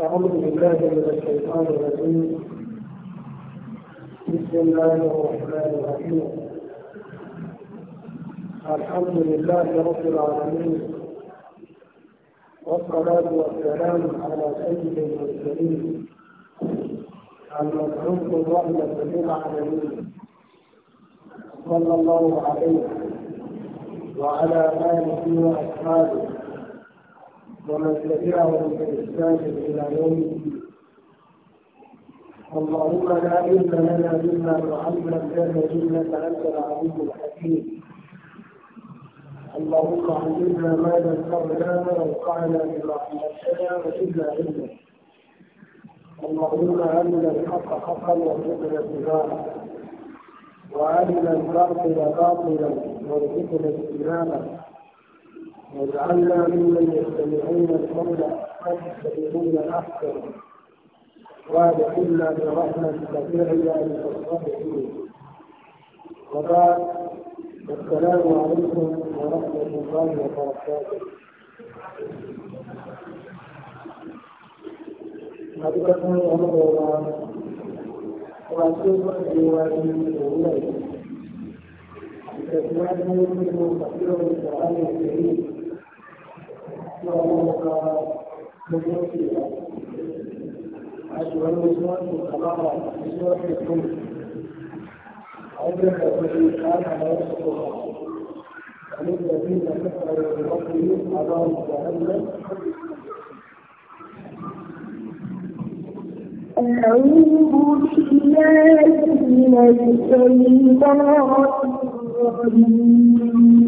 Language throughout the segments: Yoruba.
أعوذ بالله من الشيطان الرجيم بسم الله الرحمن الرحيم الحمد لله رب العالمين والصلاة والسلام على سيد المرسلين المبعوث الرحمة للعالمين صلى الله عليه وعلى آله وأصحابه ومن تبعهم بإحسان إلى يوم الدين اللهم لا علم لنا إلا ما علمتنا إنك أنت العليم الحكيم اللهم علمنا ما ذكرنا ووقعنا من رحمتنا وزدنا علما اللهم علمنا الحق حقا وارزقنا اتباعه وعلمنا الباطل باطلا وارزقنا اجتنابه واجعلنا ممن يستمعون القول فيتبعون احسنه وادخلنا برحمتك في عبادك الصالحين وبعد السلام عليكم ورحمه الله وبركاته அதுக்கப்புறம் என்ன போகலாம் வசூல் ஜீவாதி இல்லை இந்த ஜீவாதி பத்தியோட சவால் தெரியும் مجلسية أشهر المسلمين متبقى بسورة الكل أولا يقول الآن على وصف الله الذين كفروا بربهم عذاب جهنم أعوذ بالله من الشيطان الرجيم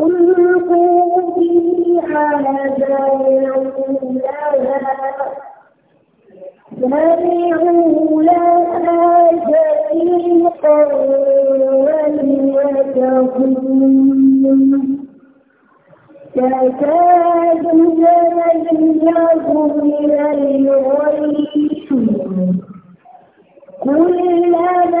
وألقوا فيها سمعوا لها سمعوا لها شريقا ولم تكن تكاد تميز من الغيث كلما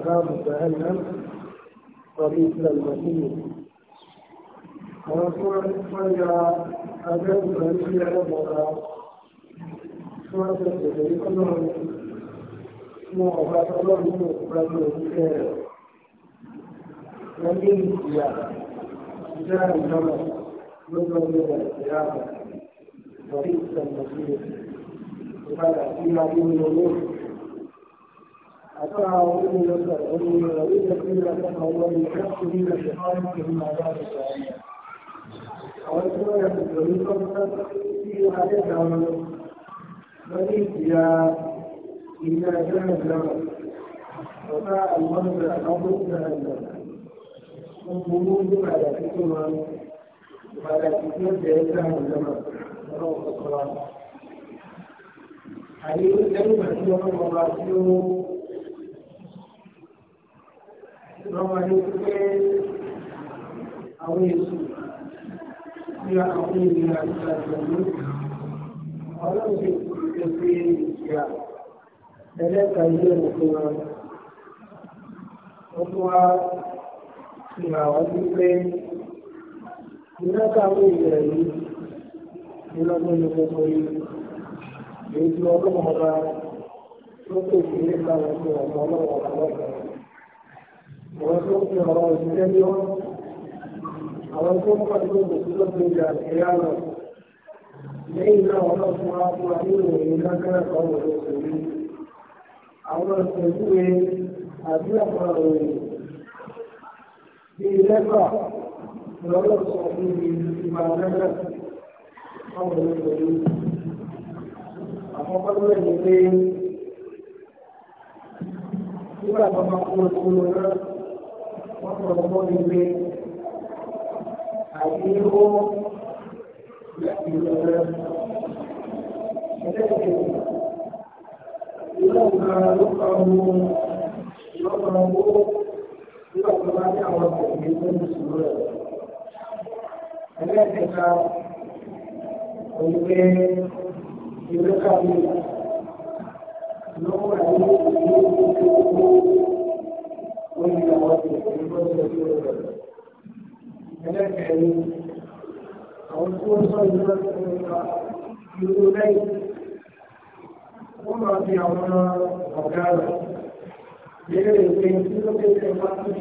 عذاب جهنم وبئس المصير وسورة الصيا أجل بريء ربها سورة الصيا كلهم موضع الله يقبل الخير ومن الصيا جاء الجمل يوم يوم القيامة وبئس المصير وقال فيما به النور أتى وإن يسرعني وإن كثيرا تقوى لنفسه لشقائك من عذاب الجحيم والسورة الكريمة فيها يدعو فليتيا إلى جهنم وما المنزل الأرض جهنم الخلود على حكمة وعلى حكمة جهنم رواه القرآن حديث كلمة يوم الله lọ́wọ́ ní pé àwọn èso bí àwọn ènìyàn àti àjọ̀lú ọlọ́run ti pè pé ìyá ẹlẹ́ka ilé òkú wọn ó tún wá fi hàn wá sí pé ìlẹ́ka àwọn ènìyàn yìí ní lọ́gbọ́n ní gbogbo yìí èyí tí ọlọ́run ọba tó pèsè nípa wọn fún ọmọ ọlọ́run ọba lọ́gbọ̀n àwọn tó ń fi ọ̀rọ̀ òṣìṣẹ́ ní wọn àwọn tó ń pàdé òṣìṣẹ́ lọ́sẹ̀ ìjà ìyá lọ lẹ́yìn náà wọn náà fún wa fún wa ní ìròyìn lágbára kan wọ̀ lọ́sẹ̀ àwọn ìpèjúwe àti àwọn ìròyìn bíi lẹ́fà lọ́wọ́ sọ fún mi ìgbà náà ọmọ ìròyìn àkọ́kọ́ lórí ẹni pé nígbà tó máa kó ìpolówó náà wọ́n sọ̀rọ̀ mọ́ ní pé àyè ó láti ìjọba ẹlẹ́gbẹ̀ẹ́ ìlú ọ̀gá lọ́kọ̀ ọmọ lọ́kọ̀ ọmọ lọ́kọ̀ bá ní àwọn ọ̀gbìn tó ń sùn rẹ̀. ẹlẹ́gbẹ̀ẹ́ta òun pé ìlú kàwé lọ́wọ́ àyè ìlú tó ń وإلى وجهه ẹlẹ́kẹ̀ẹ́ni àwọn tí wọ́n sọ ìlú ẹ̀ka ìlú lẹ́yìn wọ́n máa fi àwọn ọ̀gá rẹ̀ léèrè pé tí ó lé ẹ̀ máa ń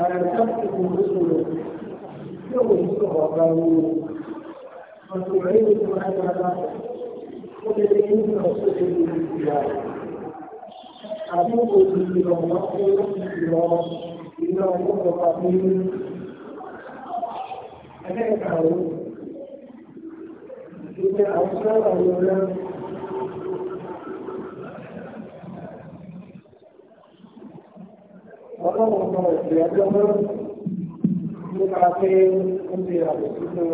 ààrẹ sáàpù kò ló sọ̀rọ̀ tí ó wòye sọ ọ̀gá wọn ọ̀sọ̀rọ̀ yìí ló máa ń ó lè ní ìlú ọ̀sọ̀rọ̀ ìlú ìyá àti òbí ìrọ̀lọ́ tó ìrọ̀ iná ọgbọ́n pàdé ní ẹlẹ́ẹ̀kàrún ìgbẹ́ àwùjọ àwọn ọ̀rẹ́ ọlọ́run ọmọ ìgbẹ́ ọjọ́ mọ́ nípa pé ó ti àbò sínú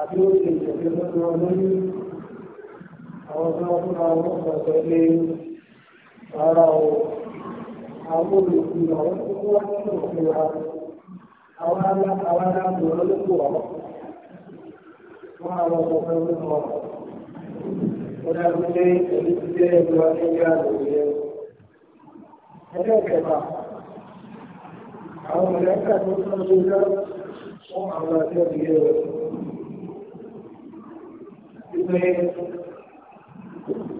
àbí ó ti ìjọba lọ́wọ́ lórí àwọn ọmọ ọdún àwọn ọmọ ọ̀sẹ̀ lé ara o àwọn olùkùnà wọn tó wá sí òfin wa àwọn ará àwọn ọ̀rọ̀ wọn àwọn ọmọ ọmọ ọmọ ọmọ ó dájú pé èyí ti jẹ́ ẹgbẹ́ wa ní ilé ẹgbẹ́ ìkẹfà àwọn mẹ̀lẹ́kà tó ń tọ́jú iná fún àwọn àjọ ìlú rẹ̀. Ìgbẹ́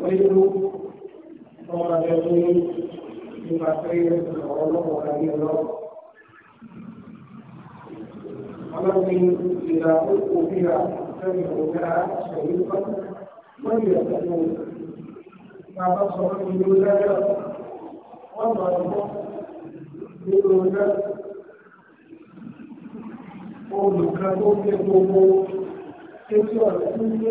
oyinú ọba ẹni nípa pé ọ̀rọ̀ lọ́wọ́ ayé lọ. Ọlọ́run ìlà òkú bíra lẹ́nu ọ̀gá ṣẹ̀yìn kan wọ́n yẹ kó bàbá sọ fún mi lọ́dọ̀ wọ́n lọ bọ́ nínú náà. Olùkọ́ tó gbé gbogbo tí ó ti ọ̀rẹ́ tó ń gbé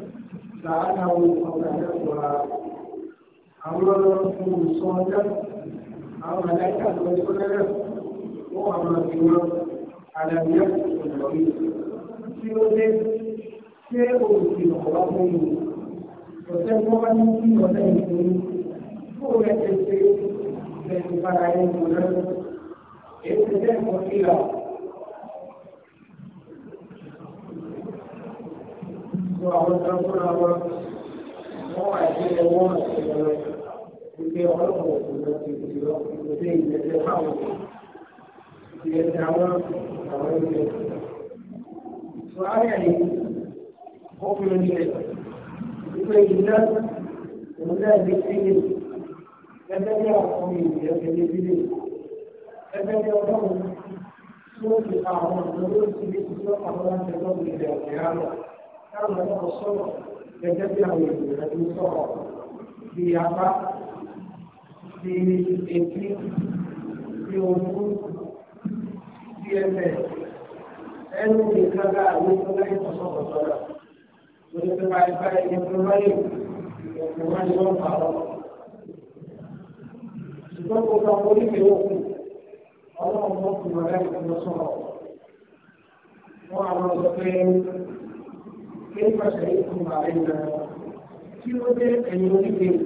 لعله قد يقوى أمر صادق أو ملائكة رسول وأمر على نفس الطريق في وجه شيء في مخلصه وتنوعا في وجهه هو يكفي من فرعين ولد ابتداء وإلى sọ àwọn kan fúnra wọn wọ́n wà ní ẹwọ́n ìṣẹ̀lẹ̀ wípé ọlọ́pàá òkúta ti ti lọ ìgbésẹ̀ ìgbésẹ̀ fáwọn ìgbésẹ̀ àwọn àwọn ìgbésẹ̀. Sọ ayà yìí ó fi ń ṣe wípé ìdá òun náà di sílẹ̀ ẹgbẹ́ ní àwọn ọmọ ìgbésẹ̀ tẹ̀lé sílẹ̀ ẹgbẹ́ ní ọlọ́run tí ó fi àwọn ìgbésẹ̀ tó ti di ìṣọ́ àwọn láti ẹgbẹ́ ìgbésẹ̀ ọ̀kẹ́ káwọn ọmọ sọ̀rọ̀ gẹ́gẹ́ bí àwọn ènìyàn ti sọ̀rọ̀ bí apá bí etí bí ojú bí ẹsẹ̀ ẹnu nìkan dá àwọn tó láyé sọ̀rọ̀ sọ̀rọ̀ lórí pé báyìí báyìí ní ọdún wáyé ọ̀pọ̀ wáyé wọn fà ọ́. ṣùgbọ́n kò sọ orí mi ò kù ọlọ́run mọ́kùnrin rẹ̀ ló sọ̀rọ̀. wọ́n á lọ sọ pé كيف شهدتم علينا في وجه عيونكم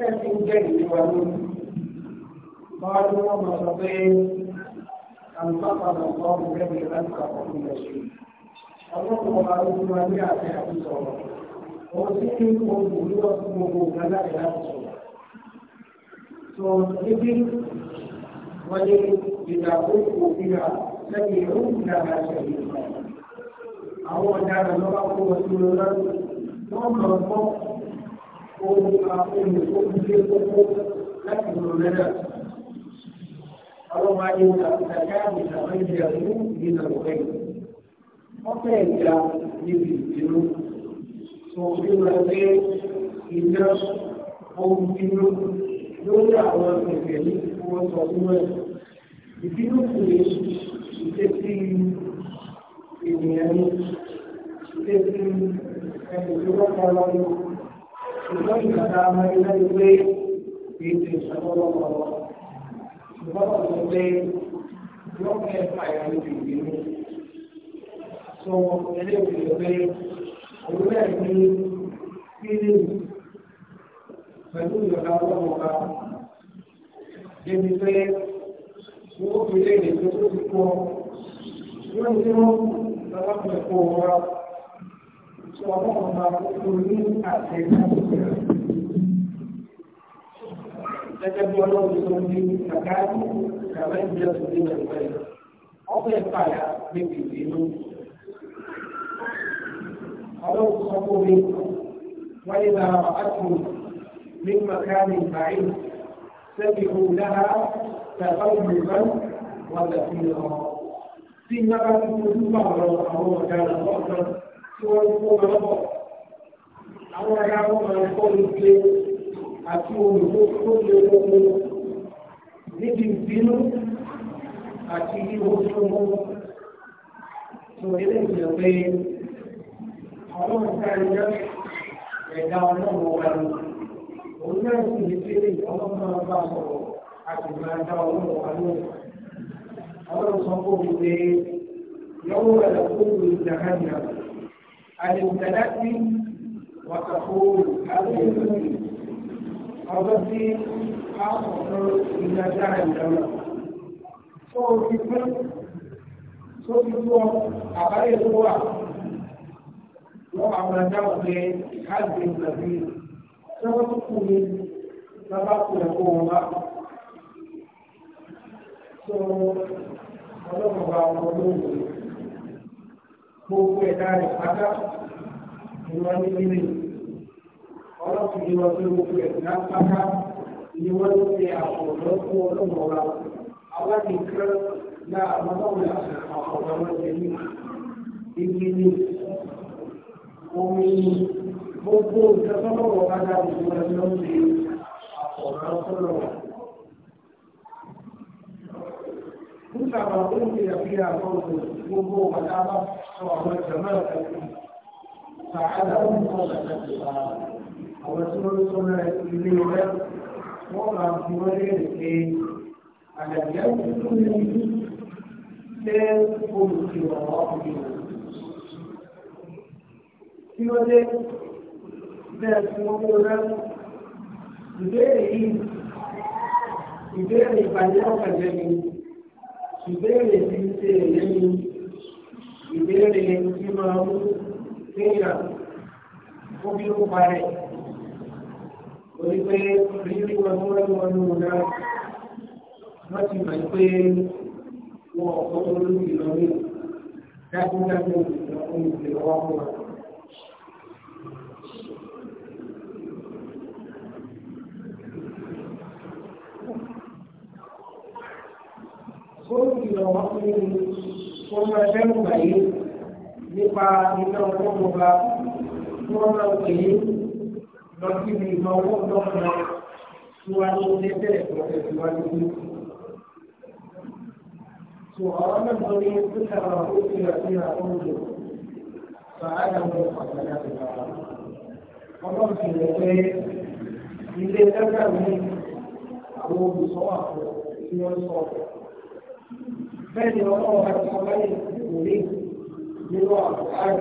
لكن جهلهم قالوا وما نستطيع أن فقد الله الذي أنكر كل شيء الله قال ما جاء في حديث الله وسيكم بلوغكم فلا إله إلا الله وإذ إذا ألقوا فيها سمعوا لها شهيدا àwọn ọ̀daràn lọ́wọ́ kó wọ́n sí lọ lọ́wọ́ wọ́n mọ̀ mọ́ ohun àkóyè tó ń gbé kókó láti lọ lẹ́dà. Àwọn máa ń yọ àtàkà àmì àwọn ìdí àdúgbò ìdí àwọ̀rẹ́. Wọ́n fẹ́ ìjà níbi ìdúró. Sọ bí wọ́n gbé ìjà ohun ìdúró lórí àwọn ìgbẹ̀lú tí wọ́n sọ fún ẹ̀. Ìdúró kò ènìyàn ní ṣe ti ẹni tí wọ́n kọ́ lọ ní ṣùgbọ́n ìgbàdá ọmọ ilé ìwé kìí ti ìṣàkọ́lọ́pọ̀ lọ ṣùgbọ́n ọ̀sẹ̀ pé yóò fẹ́ fàyà ní ìgbè mi sọ eléyìí pé òwúrọ̀ ní kílí pẹ̀lú ìgbàdá ọlọ́mọ ká débi pé wọ́n fi léde tó ti kọ́ wọ́n ti wọ́n kù. alábẹ̀kọ́ wa sọ ọlọ́run máa kókó ní àtẹ̀yìn gẹ́gẹ́ bí ọlọ́run tó ní àkáàdì kàwé ìjọ sí ní ẹ̀fẹ́ ọbẹ̀ fàyà níbi ìlú. ọlọ́run sọ fún mi wáyé na àtúntò ní màkàní báyìí sẹ́bi òun dára tàbí òun bá wà lẹ́sìn ọ̀hún. tí ń bá ti fojú bá àwọn àwọn ọ̀daràn lọ́sàn tí wọ́n ń kó wọn Àwọn ará wọn máa ń kọ́ ní pé àti olùkókó lè wọ́pọ̀ níbi ìbínú àti ìwò tó mú. Sọ ilé ìjọ pé àwọn ọ̀gá ìjọ ẹ̀dá ọlọ́run wa ni. Òun náà sì ní pé ìjọba máa bá sọ̀rọ̀ àti máa dá ọlọ́run wa lóhùn àwọn sọ́kò wípé yọ̀wọ́ rẹ̀ kúrò ìdáhàmìà àdìmùtàdáàtì wàtàkó àdìmùtàdáàtì ọjọ́ tí a sọ̀rọ̀ ìdájá ìdáná. tó o ti pín tó ti tó àbáyé tó wà wọ́n àwọn adáwọ̀ pé àdìmùtàdáàtì tí wọ́n tún kú ní bàbá kó wọn bá ọlọ́run bá wọn lóògùn gbogbo ẹ̀dá rẹ̀ pátá ni wọ́n ní nílé ọlọ́run ni wọ́n fi gbogbo ẹ̀dá pátá ni wọ́n ló fi àkọ́kọ́ fún ọlọ́run ọba àwọn nìkan náà ọlọ́run àti àkọ́kọ́ wọn jẹ ní ibi omi gbogbo ìjọsọ́lọ́wọ́ bá dáa ìjọba ló ṣe àkọ́kọ́ fún ọlọ́run. nígbà máa ń fi àfihàn àwọn òṣèlú gbogbo ọ̀gá bá sọ àwọn ìjọba ìjọba sàádà ń sọ ìjọba àwọn tí wọ́n sọ náà ilé rẹ̀ wọ́n máa fi wọ́n lé pé àgbàjá tó ní ṣe olùkìlọ̀ ọkùnrin. Kí ló dé? Bẹ́ẹ̀ tí wọ́n kó rẹ̀ ìbéèrè yìí ìbéèrè ìbàjẹ́ ọ̀kàjẹ́ mi. ìbéèrè tí ń ṣe èyí ìbéèrè tí máa mú kéèyàn ó bí ó parẹ́ onípe rírí wọn mú ẹwọnú náà wọ́n ti mọ̀ pé wọn ọ̀pọ̀ olóògbé lọ́wọ́ dájúdájú ìjọba ìjọba wọn. gómìnà wọn fún mi wọn máa dẹ́rù báyìí nípa iná ọlọ́run bá tí wọ́n máa pè é lọ sí ibi ìmọ̀ owó ọlọ́run náà tí wọ́n á ní ilé bẹ́ẹ̀ tó tẹ̀síwájú ní. tó àwọn náà lọ ní pípa àwọn òfin àti àwọn òjò fàáyà wọn pàtàkì àti bàbá. ọlọ́run ti rẹ̀ pé ilé dẹ́gbẹ̀rún ní àwọn olùsọ́wà fún tí wọ́n sọ ọ̀rọ̀. bẹ́ẹ̀ni ọlọ́wọ́ àtàwáyé òní nínú àbùkárì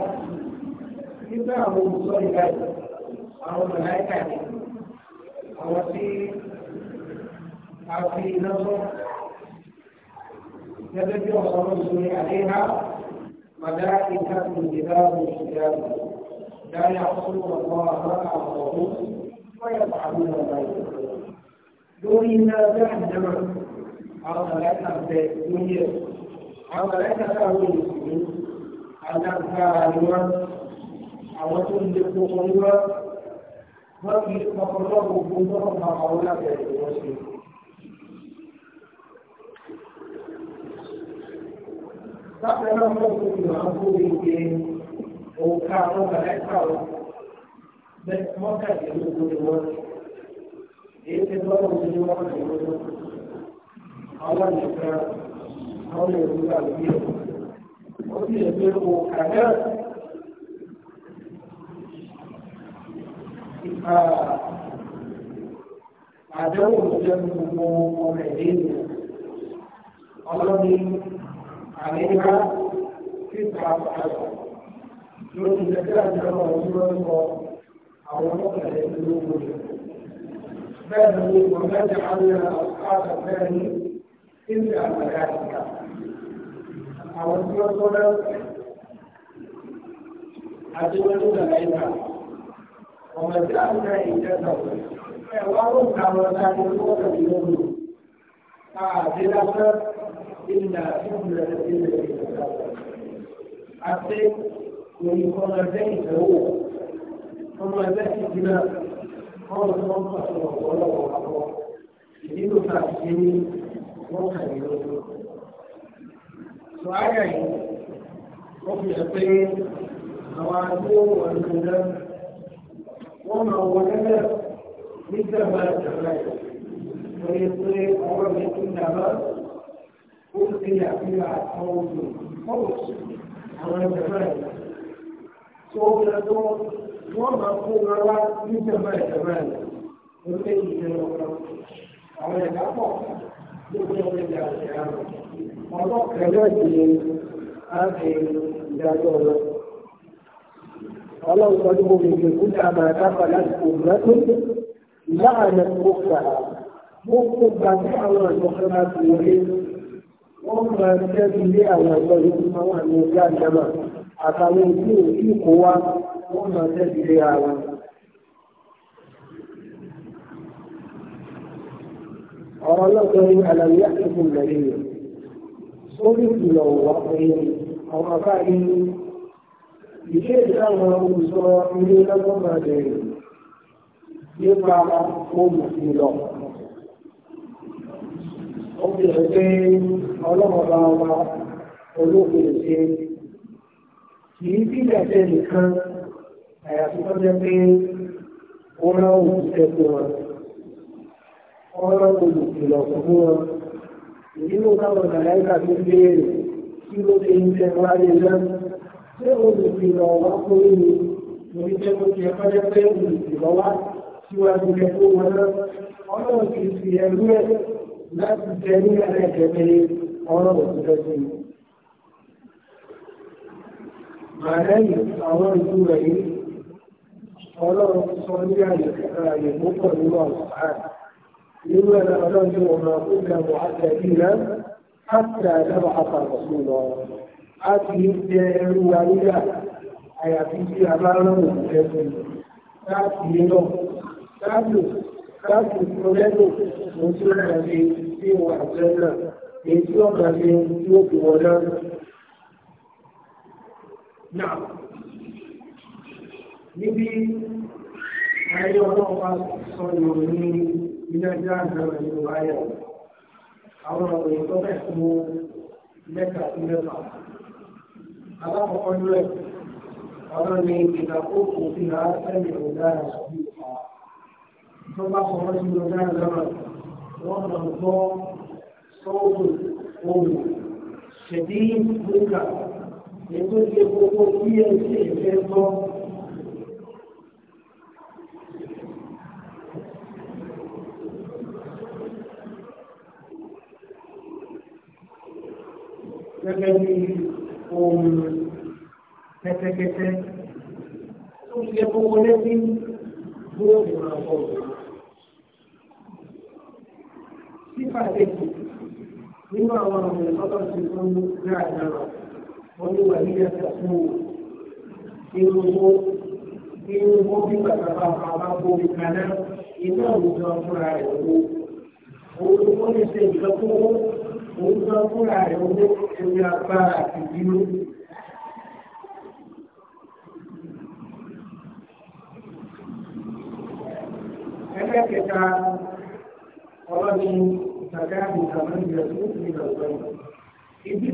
nígbà àwọn olùsọ ìbáyìí àwọn mọ̀láìkà ni àwọn tí a fi iná sọ gẹ́gẹ́ bí ọ̀sán lọ́sọ̀rọ̀ ní àdéhà màdá ìka ìdìbò ìṣẹ̀dáàbò dáyà fún ọ̀pọ̀ àwọn àwọn ọ̀hún wọ́n yẹ kó àbúrò ọ̀gá ìṣẹ̀dáàbò lórí iná bẹ́ẹ̀ àwọn mọ̀lẹ́kà bẹ lórí ẹ̀. Àwọn mọ̀lẹ́kà káwọn olùsìnkú, alágbára ni wọ́n, àwọn tó ń lè kókó ní wọ́n, wọ́n fi ọ̀pọ̀lọpọ̀ gbogbo lọ́kọ̀ máa àwọn lábẹ́rẹ́ wọ́n ṣe. Bákan náà wọ́n fi ìwà ń kó ìgbé òǹkà àwọn mọ̀lẹ́kà wọn. Bẹ́ẹ̀ mọ́kàdínlógún ni wọ́n. Èyí ti lọ́wọ́ ní wọ́n ti lọ́wọ́ aláìsíkà àwọn èròjà àgbẹ̀ ó sì lè gbé o kàdẹ́ àdéhùn jẹ́ gbogbo ọmọ ẹ̀dẹ́ ènìyàn ọlọ́ni àríwá síta àgbà lórí ìgbésẹ̀ àjọyọ̀ ìdúró ń bọ àwọn ọmọkùnrin lógún bẹ́ẹ̀ ni wọ́n mẹ́ta àwọn àgbà nínú àwọn ẹ̀ka ìta àwọn tí wọ́n tọ́lá àdéwọ́lú nàìjíríà ọmọ ìjà àti ìjẹta ẹ̀wá ló ń ka wọn ká ní ọjọ́ kàbí lóru àti lásán ìlà ìlú rẹ̀ ti lè àti òyìn ọmọ ẹgbẹ́ ìdánwò ọmọ ẹgbẹ́ ìdílé ọmọ tó ń pàṣẹ ọ̀pọ̀lọpọ̀ wọ́n kà ní lójú. Sọ ayà yìí, ó fi hàn pé àwọn àdúgbò wọn ní ọjọ́ wọ́n máa wọlé náà nígbàgbà ìjọba yìí. Wọ́n yẹ pé ọ̀rọ̀ mi tún dàbá ó ti àfihàn àwọn olùkọ́ fọ́ọ̀sì àwọn ìjọba yìí. Tó o yẹ kó wọ́n máa kó wọn wá nígbàgbà ìjọba yìí. Ó lé ìjọba àwọn ẹ̀dá pọ̀. ọlọ́kẹ́ náà ti áàfin ìdájọ́ lọ. ọlọ́run sọ ní mo àwọn wọlé. wọ́n máa àwọn àtàwọn wọ́n máa àwọn. ọ̀rọ̀ lọ́gbọ́n ní àlàyé àtúntò lẹ́yìn rẹ̀ sórí ìlọ̀ wà pẹ̀lú àwọn afáàrí ìṣe ìdáhùn olùsọ ilé lọ́gbọ́n máa bẹ̀rẹ̀ nípa olùsìlọ̀ ó fi ọlọ́mọba wa olóògùn ṣe kì bí ọ̀rọ̀ olùkìlọ̀ fún wọn nínú a mẹ̀láìkà tó béèrè kí ló ṣe ń tẹ wáyé náà ṣé olùkìlọ̀ wá fún mi torí jẹ́ kó إنا لنرجع ما كنا معذبين حتى نبعث رسولا هذه الدائرة الوالية أي في أمانة مجدد تأتي له تأتي تأتي الثلاث مسلم الذي في وحزنا يسوق الذي يسوق ولنا نعم نبي أيها الأخوة صلى الله عليه وسلم iná jẹ́ àgbàrá nínú ayé rẹ̀. Àwọn ọ̀rọ̀ yìí tọ́ka ìfún mẹ́ta sí mẹ́fà. Alákọ̀ọ́kọ́ ní rẹ̀, àwọn ni ìdàkókò fi hà sẹ́yìn ọ̀dára sí ìfà. Tó bá sọ wọ́n sí ọ̀dára lọ́rọ̀, wọ́n lọ gbọ́ sọ́ọ̀bù ohun ṣẹ̀dí múkà. Ètò ìṣe gbogbo bí ẹ ṣe ìfẹ́ gbọ́. gẹ́gẹ́ bí ohun kẹ́tẹ́kẹ́tẹ́ tó ṣe gbogbo létí yóò fi máa bọ̀. Sífà kejì nínú àwọn ọmọ ìfọ́tọ̀ ti fún náà náà wọ́n ní wà nílẹ̀ fún irú owó irú owó bí bàbá bàbá bó mi kaná iná fúnra rẹ̀ òun tó ní ṣe ìlọ́kọ́ òun tó fúnra rẹ̀ owó orí agbára àti ìdúró. ẹlẹ́kẹta ọlọ́ni ìtàgá àmì ìtàgá ìjọ tó yìí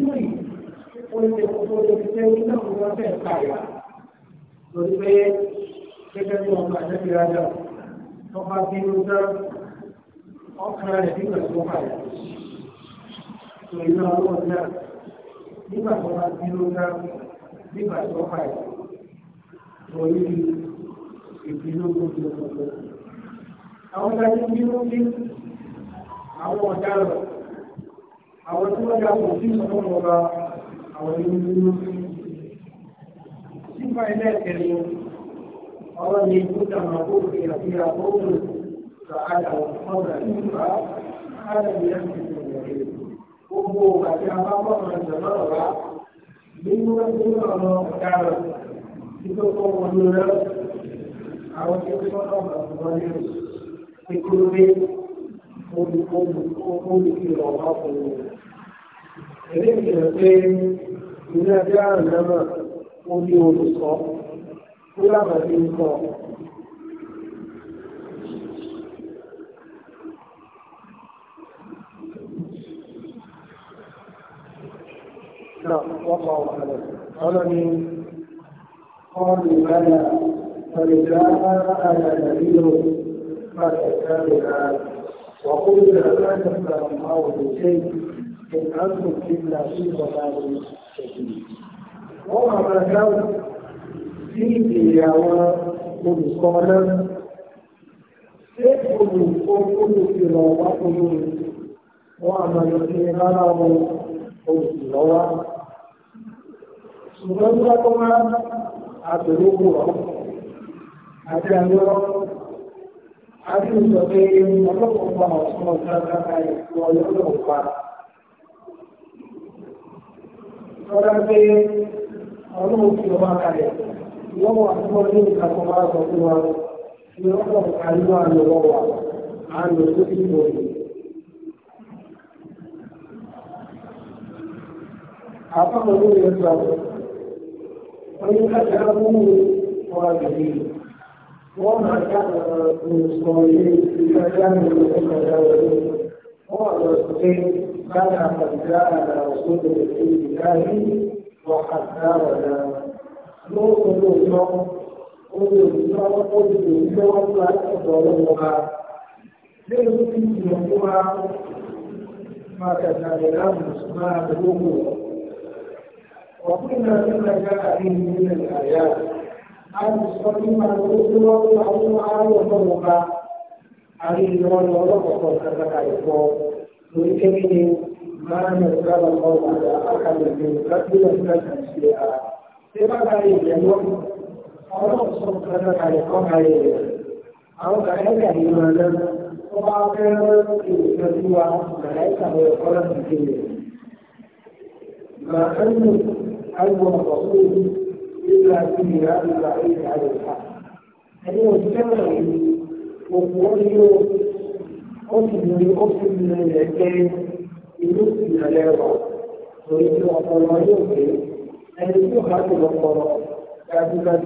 ó ń ṣe kókó ló ti fẹ́ nígbà tó wọ́n fẹ́ lórí pé gẹ́gẹ́ bí wọn bá ṣẹ́bi rájà tó bá bínú tán ọkùnrin rẹ̀ nígbà tó wà tó iná ọlọ́run náà nígbà tó bí ló dá nígbà tó wà rẹ̀ tó gbogbo gbogbo. Àwọn ọ̀dájú bínú bí àwọn ọ̀daràn àwọn tí wọ́n yàgò sí ìsọ̀rọ̀ ọba àwọn ìlú bínú bí. Nígbà ilé ẹ̀kẹ́ ni ọ̀rọ̀ ni àkókò àti àkókò فعلى ẹgbẹ́ ọ̀nà ọ̀daràn ó ní ìkúrúbí ó lábàá ní nǹkan. لا والله اعلم قالني قالوا بلى فلذاها انا نذير فتكلم وقلنا لا تفهم الله بشيء ان انتم الا في ضلال شديد وما كان في دياوى olùkọ́lẹ́ وعمل olùkọ́ olùkìlọ̀ wá ṣùgbọ́n tó bá tó máa àbẹ̀wò wò ọ́ àti àwọn àti ìjọba ọlọ́pàá pa wa tó Àpapọ̀ lórí ẹ̀sọ́ àwọn فيذهبوا خارجين وما كان المصلين فكانوا يتجاوزون قال الحسين كان قد جاءنا رسول الله وقد زارنا نوصل اليوم Lẹ́yìn tí ìyọ̀nkúra máa tẹ̀sán ìlànà máa gbogbo وكنا مما جاء به من الآيات أن تستقيم على الرسل وتعلم على وفرق عليه ولوقف كذلك يقول ويكفي ما نزل الله على أحد من قبل أن شيئا إذا كان يوم ọlọ́run sọ kankan kalẹ̀ kọ́ kalẹ̀ rẹ̀ àwọn kàlẹ́kà yìí máa lọ tó bá fẹ́ ìrìnàjò wa kàlẹ́kà rẹ̀ kọ́ láti kéde. Màá ń lò عدوى الرسول إلا في هذا البعيد على الحق أنه السمعي وقوله قصد لقصد من العكاية لنصف على بعض ويجب أطلعيوك أن يخاف الأطلاع كاتبا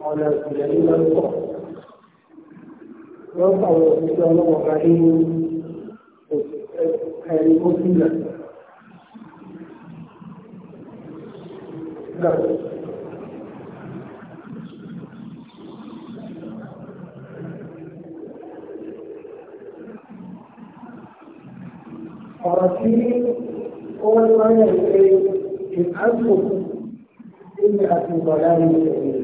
على سلالين الصحر رفعوا إن شاء الله عليه هذه المسلمة náà. ọ̀rọ̀ tí ó ń wáyé pé ìkáàkó nínú àti ìbọ̀lá ní ìrìn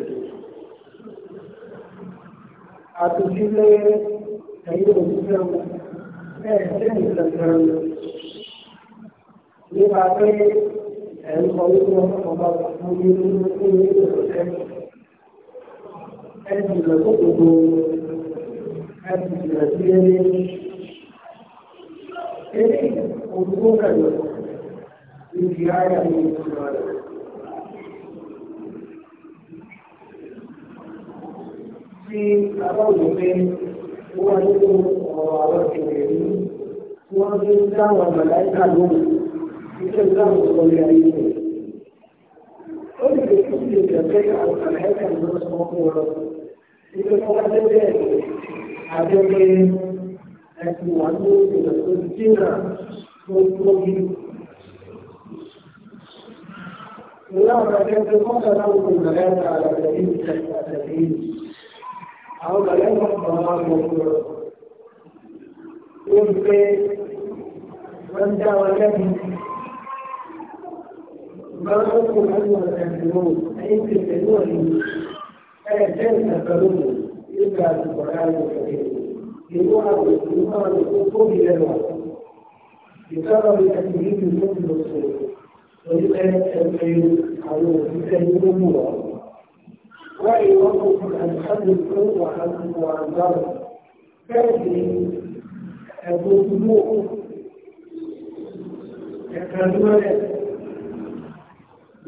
àtúnṣílé ẹ̀yìn òṣìṣẹ́ bẹ́ẹ̀ sí ìtẹ̀sẹ̀rẹ̀ nípa pé ẹ̀rù kan wípé wọn kọ́kọ́ bá mú ní nínú kí ní ìrọ̀lẹ́ ẹ ti lọ tó gbogbo ẹ ti lọ sí eré eré òdúgbò kẹlẹ níbi ayé àyè ìtura rẹ. Tí aláwọ̀ pé wọ́n nínú ọ̀rọ̀ àwọn ìrìn ní wọ́n fi ń dáhùn àgbàlá ìkàlóhùn iṣẹ́ ìdáhùn ìkọlẹ̀ ayé rẹ̀ lẹ́yìn àwọn ẹ̀ka ìlú sọ fún ọ lọ. Ibi tó wá débẹ̀ àjọyé ẹ̀sìn wà ní ìlú tó jìnnà tó tóbi. Ìlànà ẹgbẹ́ mọ́tà náà kò gbàgbé àgbà tẹ̀lé tẹ̀lé. Àwọn gbàgbé wọn kọ̀ máa ń gbogbo rẹ̀. Ó ń pé wọ́n dá wọn lẹ́nu. Báwo kò يمكن تنوي أجل تقلبه إلا القرآن الكريم يروح الإيمان الكفر إلى الوقت بسبب تكليف الحكم الصوت ويتكلم على تكليف النور وإن وقف عن حد الكفر وعن وعن ضرب فهذه الوقوف يكادون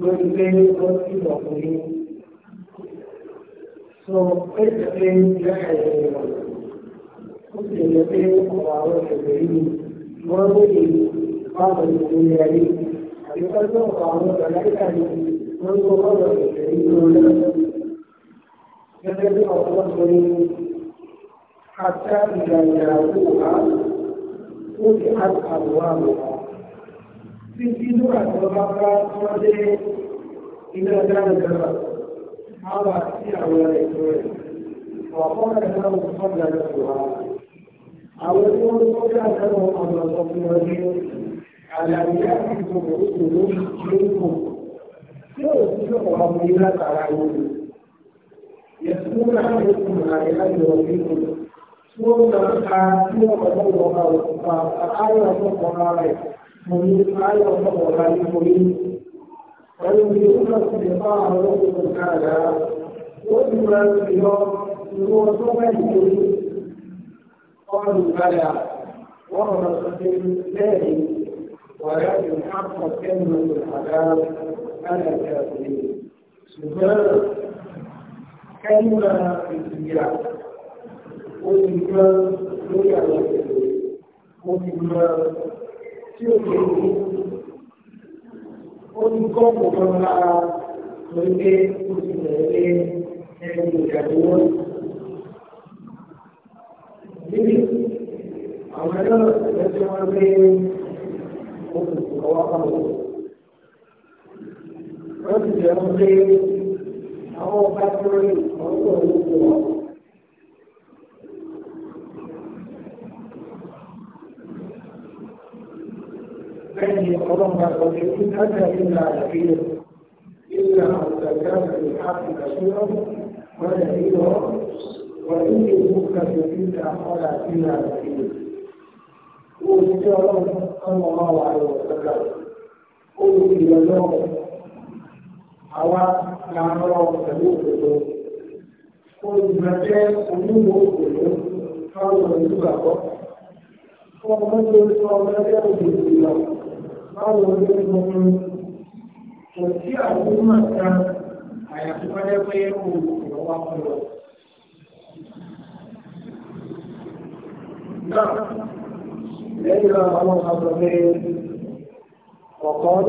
lórí pé ó ti lọ pé so ẹsẹ̀ pé lẹ́sẹ̀ rẹ̀ ó sì lè pé ọ̀rọ̀ àwọn ìṣẹ̀lẹ̀ yìí wọ́n lóye báwọn ìṣẹ̀lẹ̀ ayé àbíkájọ́ ọ̀rọ̀ àwọn ìṣẹ̀lẹ̀ ayé wọ́n kọ́ báwọn ìṣẹ̀lẹ̀ yìí lọ́wọ́ gẹ́gẹ́ bí ọ̀pọ̀ sọ ní حتى إذا جاءوها فتحت أبوابها tí tí lóra tí wọ́n bá bá wọ́n dé ilé ọjà ìjọba àwọn àti àwọn ẹ̀kọ́ rẹ̀ ọ̀pọ̀ ẹ̀ka òkúta ìjọba tó wà. Àwọn tí wọ́n tó bí àtẹ́wọ̀ ọ̀nà ọ̀sọ̀fún wọn ní àlàyé àti ìfowó ìṣòro lóko tí ó sì lọ wà mú ilé àtàrà wọn. Yẹ̀sùn náà ló kùn àyè láti rọ̀ bí kò tí wọ́n máa ń ka tí wọ́n kọ̀ lọ́wọ́ ọ̀gá òkúta àtàrà ọ̀sọ̀fún ara rẹ̀. ومن آية وصبر عليكم وينزلون السلطان ربه تعالى وإما اليوم نور صبر قالوا بلى ورد الله ولكن حقت كلمة العذاب على الكافرين سبحان كلمة الإنجيل وإنجيل نور على الكافرين وإنجيل tí ó lè ní olùkọ́ kò mọ ara lórí pé ó ti bẹ̀rẹ̀ pé ẹni ìgbàgbọ́ wọn. Níbi àwọn ẹ̀rọ ẹ̀sẹ̀ wọn pé olùkọ́ wa kà wọ́n. Wọ́n ti bẹ̀rẹ̀ pé àwọn ọba tó rí ọ̀pọ̀ olùkọ́ wọn. بيني وقضمنا قولين أتى إلا نفير إلا أن كان بالحق بشيرا ونذيرا وإن يكون في ولا فينا نفير وإن صلى الله عليه وسلم قلوا إلى اليوم أو نعمر سلوكه قل مكان قلوبه كله فهو يبقى ومن يصلي káwọn olóògbé wọn kò sí àwọn máa ta àyàfi wáyé pé olùkọ́ wa fún wọn. náà lẹ́yìn náà àwọn àgbà pé ọ̀kan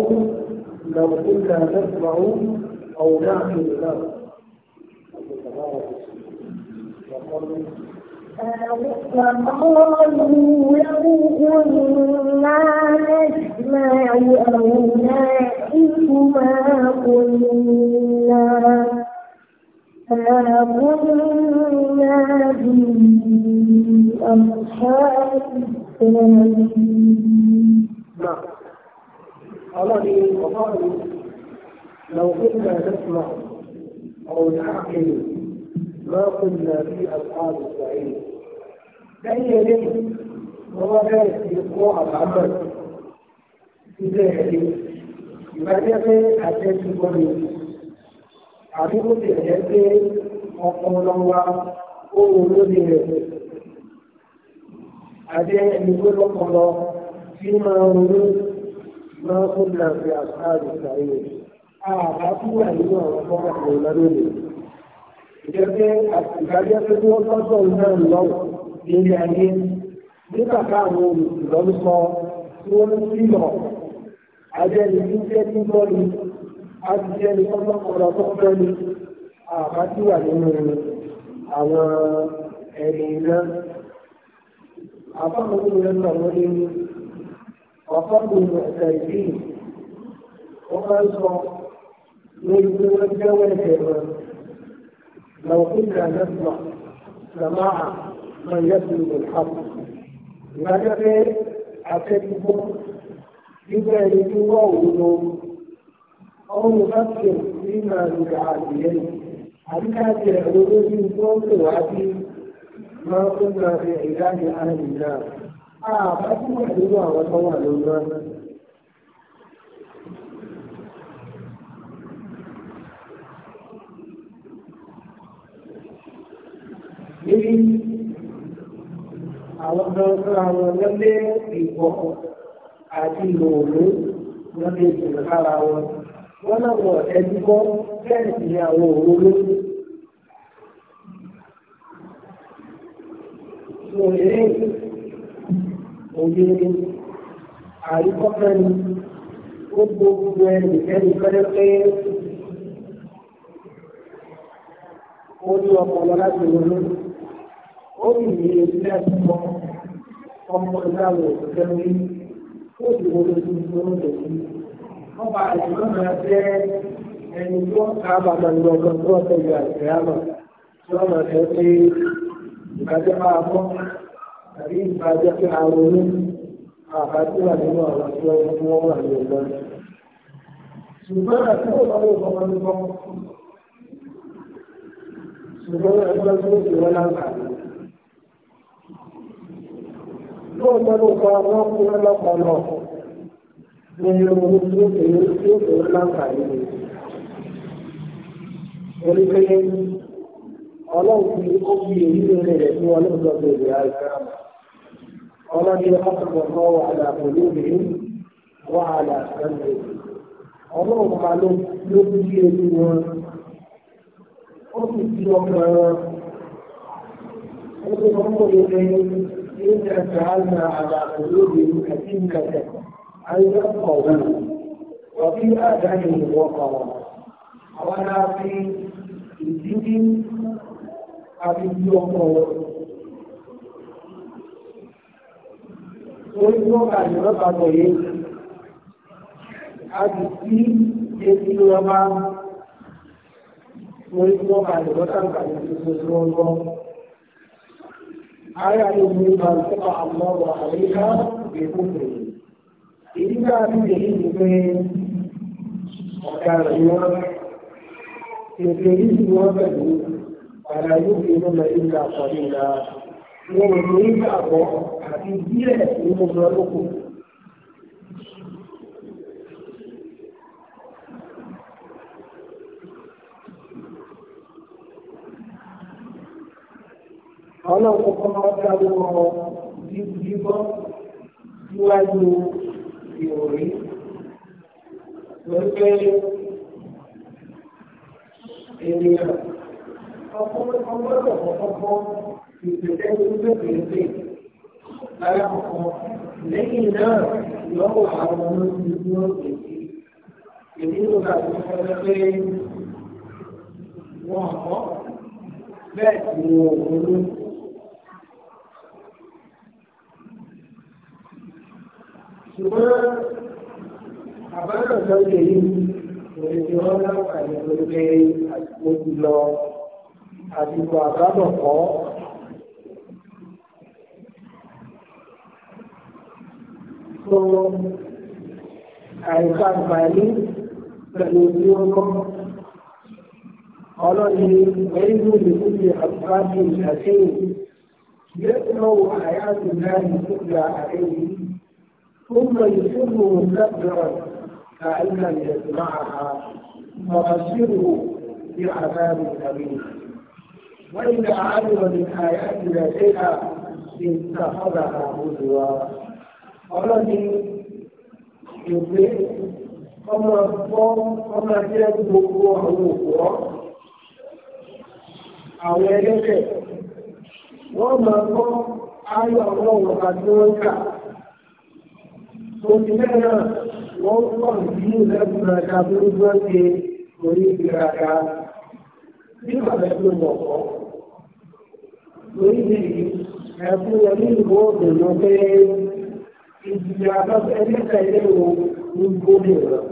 لو كنت تسمع أو نعمل له. فقالوا كنا نسمع أو نعرف ما كنا ما كنا بأصحاب السبيل نعم قال لو كنا نسمع أو نعقل ما كنا في أصحاب السعيد فهي ليه وما في يقوع العمل في ذلك ìbájẹ́pẹ́ àtẹ́sígbọ́nì àbí kò sì jẹ́ pé ọkùnrin wa ó wo lórí rẹ̀ àjẹ́ ẹni tó lọ́pọ̀lọ́ tí máa ń ronú máa ń kó nàbẹ̀ àṣà àdùsàyè àbá kúrò nínú àwọn ọmọ ọmọ ìlú lónìí ìjẹ́pẹ́ ìgbàjẹ́ pé kí wọ́n tọ́jọ́ náà lọ nílé ayé nígbà káwọn olùsọ tí wọ́n ń sílọ̀ ajẹ́ni tí jẹ́ tí gbọ́ ni a ti jẹ́ ni ọlọ́pọ̀lọ́ tó gbọ́ ni àbá tí wà nínú àwọn ẹ̀rìn iná. Àbáwọn olùrẹ́ náà wọ́n lé ní ọ̀pọ̀ ẹ̀sẹ̀ ìdí wọ́n máa ń sọ lórí pé wọ́n jẹ́wọ́ ẹ̀sẹ̀ náà. لو كنا نسمع سماع من يسلب الحق لنبي عتبه بذلك وولد أو نفكر فيما يدعى إليه هل هذه العلوم فوق وعدي ما قلنا في علاج أهل الله آه فأكون حلوة وطوال الناس níbi àwọn gan fúnra wọn lọ́lẹ́ àti ìlò òní lọ́lẹ́ lára wọn wọ́n láwọn ọ̀tẹ́jú kọ́ bẹ́ẹ̀ sì àwọn òru lójú. Mo àríkọ́fẹ́ ni ó gbogbo ẹnì ó ní ó sì ní ilé ẹ̀kọ́ ọmọ ìdáwò òṣìṣẹ́ ní ó sì wo lójú tó ń lò sí. wọ́n bá àìsàn náà jẹ́ ẹni tó ń ká bàbá ìlú ọgbọ́n tó ọ̀tẹ̀ ìlú àìsàn àmọ́ tí wọ́n máa sọ pé ìbàjẹ́ máa mọ́ tàbí ìbàjẹ́ pé àròyé àbájú wà nínú àwọn tí wọ́n wà ní ọgbọ́n. ṣùgbọ́n àti ọ̀pọ̀lọpọ̀ ṣùgbọ́n ẹgbẹ́ tó ń ṣe wọ́n láǹfààní. lóòótọ́ lóòótọ́ wọ́n fún ẹ lọ́pọ̀lọ́ ní irun tí ó fèrè tí ó fèrè láǹfààní ni. Orí ọlọ́run fi èyí lórí rẹ̀ fún bèrè àìsàn. Ọlọ́run yẹ Ọlọ́run إنا جعلنا على قلوبهم أكنة أن يفقهوا وفي آذانهم وقرا وأنا في الجد أبي يقول Orí tó bá yọ̀ lọ́pàá tó yé, a ti sí etí lọ́pàá, orí tó bá yọ̀ lọ́pàá tó yé, aya ne ne ba su ba Allah wa alaika bi kufri èyí bá a ti lè ní ní pé ọ̀gá rẹ̀ ni wọ́n ètò èyí tí wọ́n pẹ̀lú ara yóò fi inú lọ ìgbà àpọ̀lẹ́ ìlà wọn ò ní ìgbàgbọ́ àti díẹ̀ nínú ọlọ́kùnrin ọlọ́run máa dá lọ́wọ́ bíbọ́ níwájú ìròyìn wípé ènìyàn ọkùnrin kan gbọ́dọ̀ kọ́kọ́ ìpèsè ìgbésẹ̀ lẹ́yìn náà lọ́wọ́ àwọn ọmọ ìlú òkèèkì èyí ló bá ti sọ pé wọ́n mọ́ bẹ́ẹ̀ ni òun ló ń ṣùgbọ́n àbájọ tó ṣe yìí òun ti wọ́n láǹfààní lórí àsìkò ti lọ àsìkò àbábọ̀ kọ́. So, àìsàǹfààní pẹ̀lú tí ó kọ́. Ọlọ́ni ẹ̀yìn olùkúlẹ̀ àbúrádì àṣẹ́yìn yẹ́tọ́ àyájú náà ní kúlẹ̀ àṣẹ́yìn. ثم يسره مكبرا كأن لم يسمعها فبشره بعذاب أليم وإذا علم من آياتنا شيئا اتخذها هزوا ọlọ́ni ìwé ọmọ ọgbọ́ ọmọ jẹ́ gbogbo àwọn òkúrọ́ àwọn ẹlẹ́fẹ̀ wọ́n máa gbọ́ ayọ̀ ọlọ́run àti wọ́n kà tó ti lẹ́nà wọ́n pọ̀ sí lẹ́kùn àga burúkú ṣe orí ìgbéraga bí bàbá tó mọ̀ ọ́. Lórí ìdíyí, ẹ̀fún wọn ní ìwọ òdòdó pé ìdíyà abáfẹ́ nípa ilé wo ní gbóòdì rẹ̀.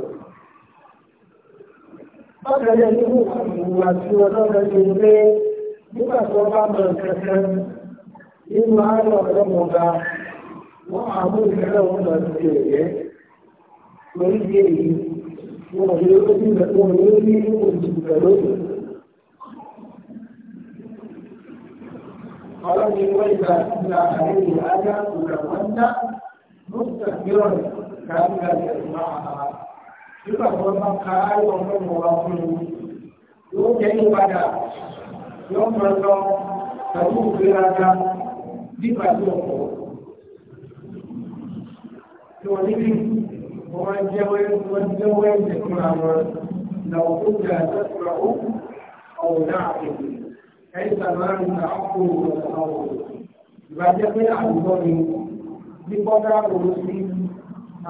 Bákan náà nínú ìwà tí wọn lọ́dọ̀ ṣe pé nígbà tí wọ́n bá mọ̀ nǹkan nínú àárọ̀ ọ̀dọ́mọba wọ́n máa mú ìfẹ́ wọn lọ sí ẹ̀yẹ́ lórí bí èyí wọn ò lè lórí wọn ò lè ní òjìjìkà lónìí. Ọlọ́run wọ́n ìgbà tí a àárẹ̀ ìyá ajá òkà wọn dá lóṣù mìíràn káàkiri àti ẹ̀sùn àhàhà. Nígbà tí wọ́n bá ka ayé ọmọ ìwọ̀n wa fún un, yóò jẹ́ ìpadà yóò máa lọ pẹ̀lú ìgbéraga nígbà tí ọ̀pọ̀ tí wọ́n níbi wọ́n jẹ́wọ́ wọ́n jẹ́wọ́ ẹ̀jẹ̀ fúnra wọn làwọn tó jẹ́ àtẹ́kùnra ó ọ̀dà àkùnrin ẹ̀yìn sàmárì ta ọkùnrin ọ̀dà ọ̀dà ìbàjẹ́ pé àwùjọ ni bí bọ́dá kò sí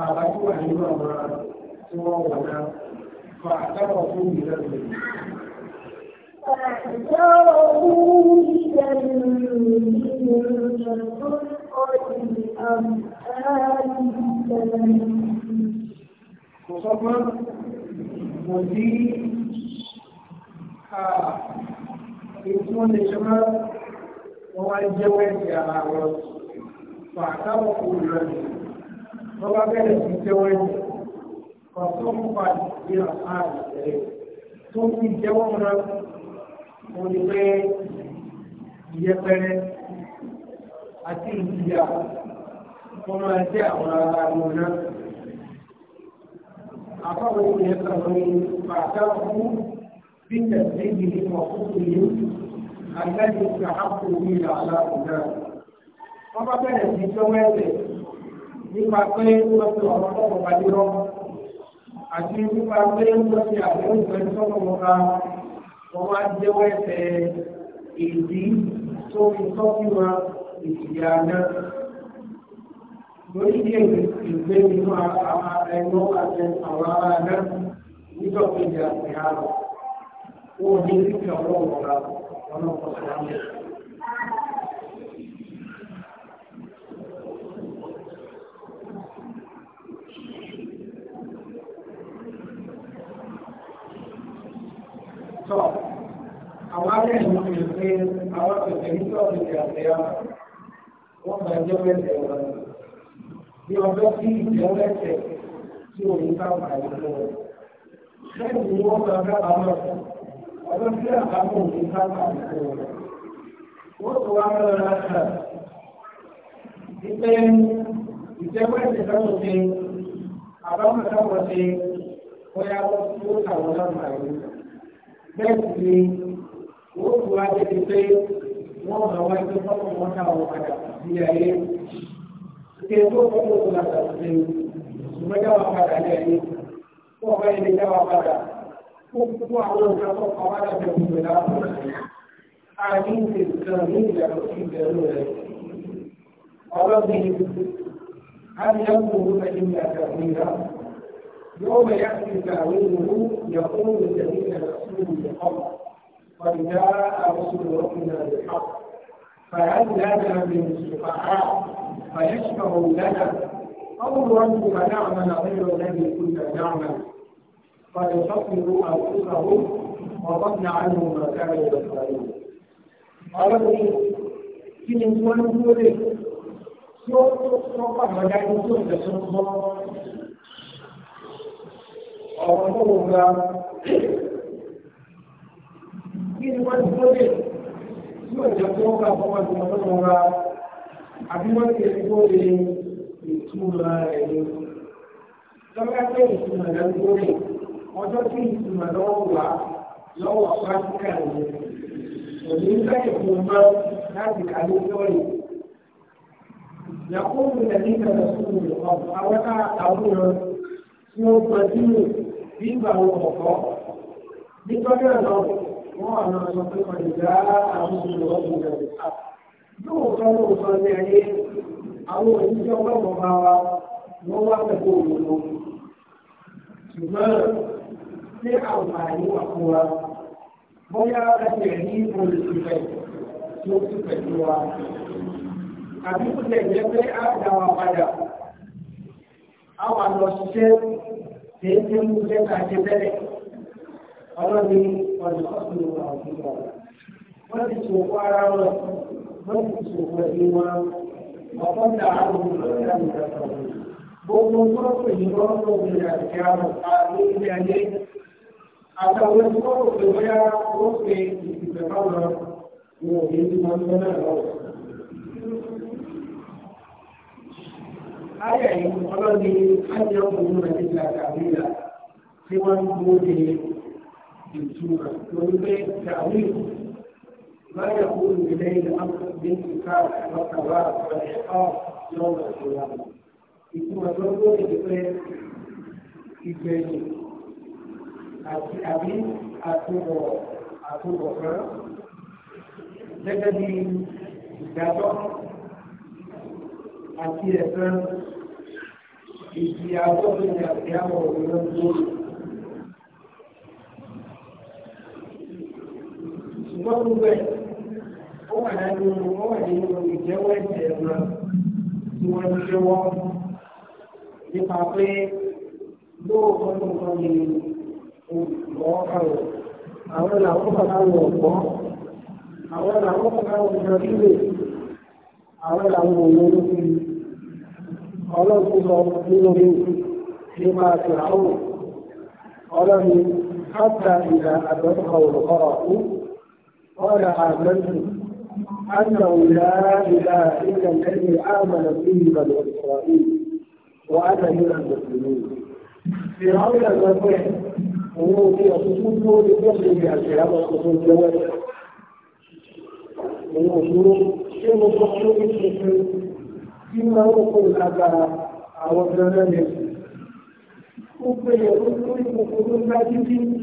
àbájúwà nínú àwọn Kò sọ́gbọ́n kò sí ètò lè ṣọ́gbọ́n wọ́n wá jẹ́wọ́ ẹ̀sẹ̀ ara wọn. Fàtàwọ̀ kò lọ ní. Wọ́n bá bẹ̀rẹ̀ sí jẹ́wọ́ ẹ̀sẹ̀. Kò tó ń fa ìdíra ààrẹ rẹ̀. Tó ń fi pé ìyẹpẹrẹ àti ìjìyà wọ́n máa jẹ́ àwọn ará wọn náà. Àfáwọn ènìyàn kan ní bàtà fún bíkẹ̀ lébi ọ̀fúnfún yìí àgbẹ̀dẹ̀ ìgbà àpò mi làálà ọ̀dà. Wọ́n bá bẹ̀rẹ̀ sí jọwọ́ ẹ̀rẹ̀ nípa pé wọ́n fi ọ̀rọ̀ tọ̀wọ̀ wá nírọ̀ àti nípa pé wọ́n fi àdéhùn pẹ̀lú tọ̀wọ̀ wọn ká wọ́n wá jẹ́wọ́ ẹ̀fẹ̀ èdè tó fi tọ́jú wọn ìjìyà náà lórí bí ìgbé nínú àwọn ẹnu àti àwọn ará náà nígbà tó yẹ àti àrò ó ní ìdíje ọlọ́wọ́ ra ọ̀nà ọ̀sán yẹn. Àwọn akẹ́kọ̀ọ́ ìgbé àwọn akẹ́kọ̀ọ́ ìgbé àti àrò wọ́n bá jẹ́ mẹ́tẹ̀ wọn. Bí ọjọ́ sí ìjẹ́ mẹ́tẹ̀ tí òun ká wà nínú rẹ̀. Lẹ́yìn ni wọ́n máa dábà náà, ọjọ́ sí àbámọ̀ òun ká wà nínú rẹ̀. Wọ́n tó wá mọ́ ara kà. Ìpẹ́ ìjẹ́ mẹ́tẹ̀ ṣe àbámọ̀ táwọn ṣe bóyá wọ́n tó àwọn láǹfààní. Bẹ́ẹ̀ sì ni wọ́n tó wá jẹ́ pé wọ́n máa wáyé fọ́nà wọn káwọn padà ní ayé kí n tó kọ́kọ́ tó náà tàbí ṣùgbọ́n dáwà padà ní ayé kó ọba yẹn ní dáwà padà kó kó àwọn ọ̀gá tó kọ́ wá láti ọ̀gbìn náà padà ní. a ní ìpè kan ní ìyàtọ̀ sí ìbẹ̀rù rẹ̀ ọlọ́gbìn a ní ọkùnrin rẹ̀ ní ìyàtọ̀ ní ìyá يوم يأتي تعويله يقول الذين نسوه من قبل قد جاء رسول ربنا بالحق فهل لنا من شفعاء فيشفعوا لنا أو ربك نعمل غير الذي كنا نعمل فيصفروا أنفسهم وضل عنهم ما كانوا يفعلون ọlọ́run kí ni wọ́n ń lórí tí ó tó pàmòdá ní tó ìdẹ̀sọ́ mọ́ ọ̀rọ̀ tó wọ́n ga kí ni wọ́n to tí ó jẹ́ tó ká fọ́pọ̀ tó wọ́n tó ra àbí wọ́n ti rí kó lè ìtura rẹ̀ ní. Lọ́wọ́ ẹgbẹ́ ìtumọ̀ rẹ̀ ń gbóyè, ọjọ́ tí ìtumọ̀ lọ́wọ́ wà lọ́wọ́ pàtíkà rẹ̀. Òní ń fẹ́ ìfúnmọ́ láti kàlé lórí. Yàkóò rẹ̀ ní ìbẹ̀rẹ̀ sùn àwọn àwòrán tí ó gbọ́ sínú bí ìgbà wọn kọ̀ọ̀kọ́. Nítorí ọ̀nà wọ́n àwọn ọmọ tó kọ̀ nígbà àwọn olùrọ̀gbọ̀n rẹ̀. Yóò fẹ́ lóò sọ ní ayé àwọn òṣìṣẹ́ ọlọ́pàá máa wa wọ́n wá pẹ̀lú òwúrọ̀. Ṣùgbọ́n ṣé àǹfààní wà fún wa? Bóyá ẹsẹ̀ ní olùsìnfẹ̀ tó ti pẹ̀lú wa. Àbí kò tẹ̀ jẹ́ pé á dá wa padà. Àwọn àlọ́ ṣiṣẹ́ tẹ̀síẹ́ mú jẹ́ ká ṣe bẹ́ẹ̀ ọlọ́run ní ọdún ọ̀sán ló wà òkè lọ. wọ́n ti tún òkú ara wọn wọ́n ti tún òkú ẹbí wọn ọ̀pọ̀ ní àwọn olùdókòwò ìrẹsọ̀ gbogbo tó pè ní ọlọ́run ní àti àwọn àlọ́ ilé ayé àtàwọn tó rò pé bóyá ó pe ìdìbò báwọn ní Ayẹ̀yìn ọlọ́ni á ní ọkùnrin rẹ̀ nígbà tí wọ́n ń gbóde ìtumọ̀ lórí pé tàwí ما يقول إليه الأمر بالإنكار والثواب والإحقاق يوم القيامة. ìtumọ̀ tó ń lórí pé ìgbẹ̀yìn àti àbí àtúbọ̀ àtúbọ̀ kan gẹ́gẹ́ bí ìdájọ́ àti ẹ̀sán ìjìyà ọgọ́rin àti àwọn òmìnira lórí. ṣùgbọ́n ó wà nínú ó wà nínú ìjẹ́wọ́ ẹ̀jẹ̀ wọn tí wọ́n ń jẹ́wọ́ nípa pé lóòótọ́ lóòótọ́ ni olùkọ́ kàwọ̀ àwọn làwọn bàbá wọn ọ̀pọ̀ àwọn làwọn bàbá wọn ọ̀pọ̀ sílẹ̀ àwọn làwọn òun olókùn ọlọ́run lọ nínú ewu nípa àtìláwọ̀ ọlọ́run حتى إذا أدركه الغرق قال آمنت أنه لا إله إلا الذي آمن به بنو إسرائيل وأنا من المسلمين فرعون المسيح هو في أصول لكل بأسلام أصول جوال من أصول شيء مصطفى إسرائيل فيما يقول هذا أو الزمان ó pé ẹ̀rọ lórí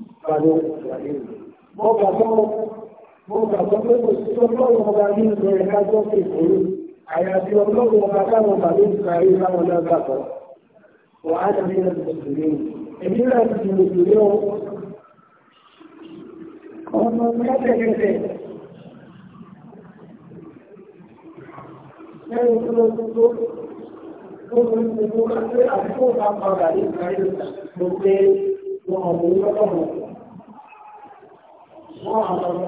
pàdé mo gbàgbọ́ mo gbàgbọ́ pé kò sí ọlọ́run ọba ní ilẹ̀ ẹ̀kájọ́ kékeré àyàfi ọlọ́run ọba táwọn bàbá ìsàrí láwọn náà gbàgbọ́ wà á dàbí ẹ̀ mùsùlùmí èmi náà ti mùsùlùmí o ọmọ mẹ́tẹ̀ẹ̀kẹ́tẹ̀ ẹ̀rù tó lọ tó tó Gbogbo ìgbìmọ̀ àti àdúgbò bá padà ní ìgbà yóò gbé wọn ọ̀gbìn lọ́wọ́ wọ́n ọdún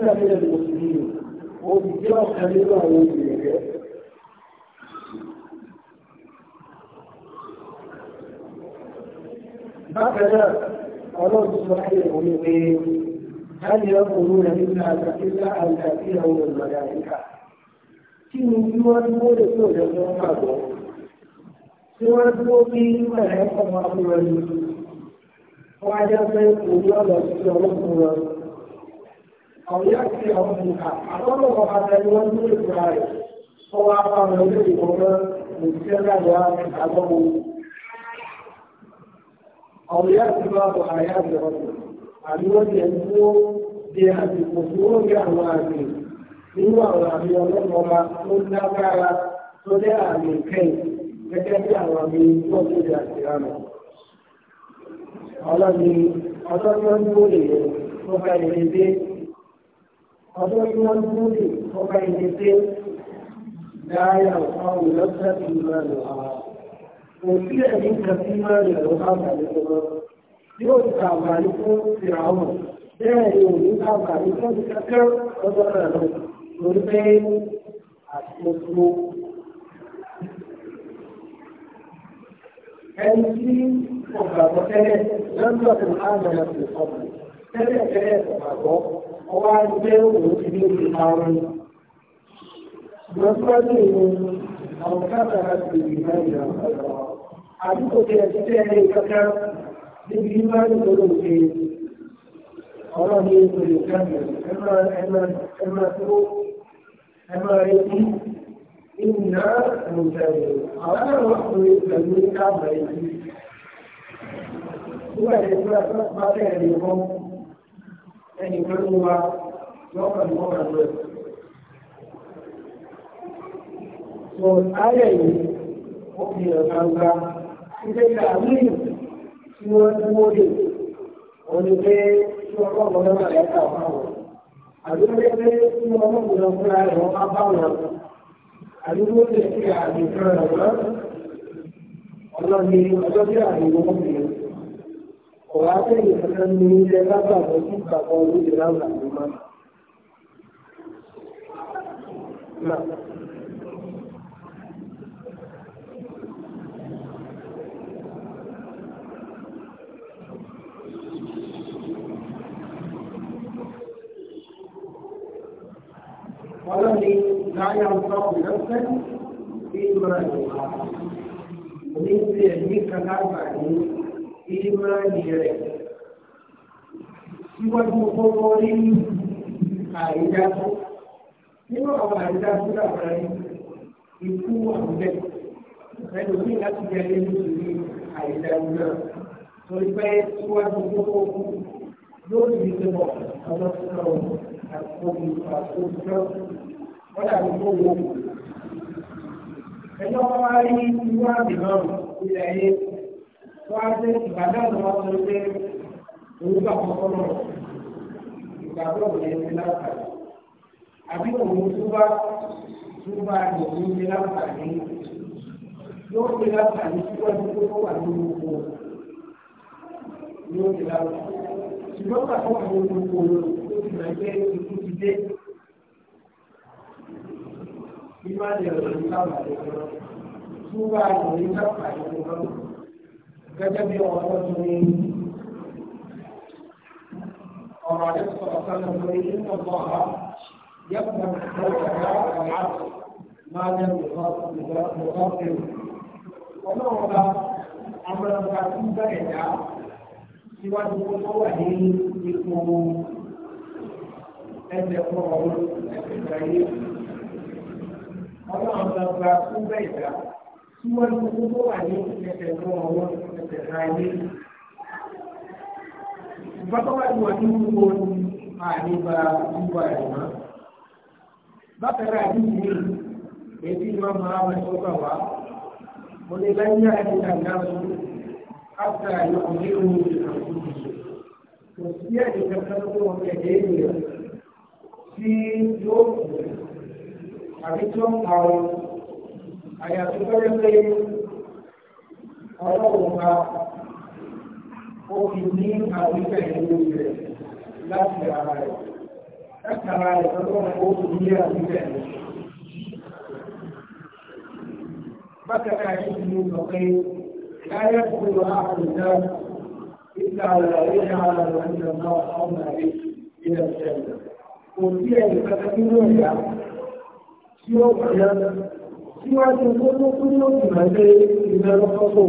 tàbí ẹ̀dùn òsì ó ti jẹ́ ọ̀kan nínú àwọn òbílẹ̀jẹ́. بكذا قالوا بصحيح ونبيه هل يقولون إلا إلا أن تأتيهم الملائكة كم يوان مولى سورة محمد سورة موبي ملائكة مأمورة وعلى سيقول الله سبحانه أو يأتي أمرها أطلق على يوان مولى سورة هو أعطى مولى سورة مجتمع وعلى أو يأتي بعض آيات ربه àbí wọ́n ti ẹni tó di àsìkò tí ó rí àwọn àmì nínú àwọn àmì ọlọ́run ọba tó lágbára tó jẹ́ àmì kẹ́yìn gẹ́gẹ́ bí àwọn àmì tó ti di àṣìrámù. ọjọ́ tí wọ́n dúró lè yẹ tó bá ilé dé tó bá kò sí ẹ̀mí máa rẹ̀ ló káàkiri lọ́wọ́ yóò ti kàǹfààní fún ìràwọ̀ bẹ́ẹ̀ ni òní kàǹfààní fún ìkẹ́kẹ́ lọ́jọ́ náà lọ lórí pé àtúntò ẹni tí ọ̀gbàgbọ́ tẹ́lẹ̀ lọ́jọ́ tó máa ń lọ sí ọ̀gbà tẹ́lẹ̀ tẹ́lẹ̀ ọ̀gbàgbọ́ ọwọ́ á òun ti ní ìlú àrùn lọ́sọ́dún ìwọ̀n àwọn káàkiri ìgbà ìgbà ìgbà àdúgbò tí ẹ̀ tẹ́ ẹ̀ kọ́kọ́ níbi ìmọ̀ ìgbòrò ṣe ọ̀rọ̀ ní ìgbòrò kẹ́mẹ̀ ẹ̀mà tó ẹ̀mà rẹ̀ sí ìnà ìmùtẹ̀lẹ̀ àwọn àwọn ọkùnrin pẹ̀lú káàmà ẹ̀sí. Nígbà tí wọ́n bá bẹ̀rẹ̀ wọn ẹnì kan ló wa lọ́kàn lọ́kàn rẹ̀. Sọ ayẹyẹ ó fi hàn gbangba ilé ìdààmú tí wọ́n ti wó lè onílé tí wọ́n kọ́ ọ̀gbọ́n náà lẹ́ka ọ̀fáwọn. Àdúgbò pé tí wọ́n mọ̀ gbọ́dọ̀ fúnra rẹ̀ wọ́n bá bá wọn. Àdúgbò lè fi àmì kan rẹ̀ wọ́n. Ọlọ́ni ọjọ́ bí àmì wọn máa. الذي لا ينفع نفسا إيمانها ومثل يهلك الأربعين إيمانها síwájú kọ́kọ́ rí àìdájú nínú àwọn àìdájú làwọn ẹni ikú àwùjẹ ẹni òbí láti jẹ ẹni nítorí àìdájú náà torí pé síwájú kọ́kọ́ kú yóò di ìdìbò àwọn ọmọ àti omi àti omi náà wọ́n dàbí tó wò ẹjọ́ wọn wá rí irú àmì náà ilẹ̀ ayé wọ́n á dé ìbàdàn ni wọ́n sọ pé orúkọ àkọ́kọ́ náà ìgbàgbọ́ òun ti láǹfààní àbí òun tó bá tó bá òun ti láǹfààní yóò ti láǹfààní síwájú tó wà nínú oko yóò ti láǹfààní ṣùgbọ́n pàtó àwọn olùkọ́ ló ti máa jẹ́ ikú ti dé imani da su kama da su ba da yi kama da su gẹ́gẹ́ bí ọmọ tó ní ọ̀rọ̀ àti sọ̀rọ̀ sọ́nà lórí nínú ọ̀gá yẹ́pọ̀ lọ́wọ́ ọ̀gá àti máa ń yẹ lọ́wọ́ ẹ̀rù. ọlọ́wọ́ bá amọ̀lọ́gbà tó ń bẹ̀rẹ̀ dá síwájú kó tó wà ní ipò ẹgbẹ̀kọ̀ ọ̀rọ̀ ẹgbẹ̀kọ̀ yìí ọlọ́run gbàgbà fún bẹ́ẹ̀ dá tí wọ́n ní gbogbo wà ní ẹsẹ̀ fún ọwọ́ ẹsẹ̀ láyé. ìfọ́tọ́wá ìwọ̀ ní gbogbo ní àdébà gbogbo àìmọ́. bákan náà ní ìlú èyí máa máa wọ ẹ̀ṣọ́ bà wá. mo lè lẹ́yìn àti àdáwọ̀ áfíà ìyọkùnrin òun ìrìnàjò kò sí ẹ̀dẹ̀ kankan tó wọ́n kẹ̀kẹ́ ènìyàn tí yóò kù àti tó ń pé ọlọ́run ó fi ní àwíkà ìlú rẹ̀ láti ara rẹ̀ látara rẹ̀ ọlọ́run ó fi ní àwíkà ìlú rẹ̀. بكى عيسى بقيل لا يدخل احد الناس الا على يجعل ان الله حرم عليه الى الجنه قلت يا لفتاه tí ó wà náà tí wọ́n ti kó tó kú ní òkè máa lé ìgbẹ́ lọ́kọ́kọ́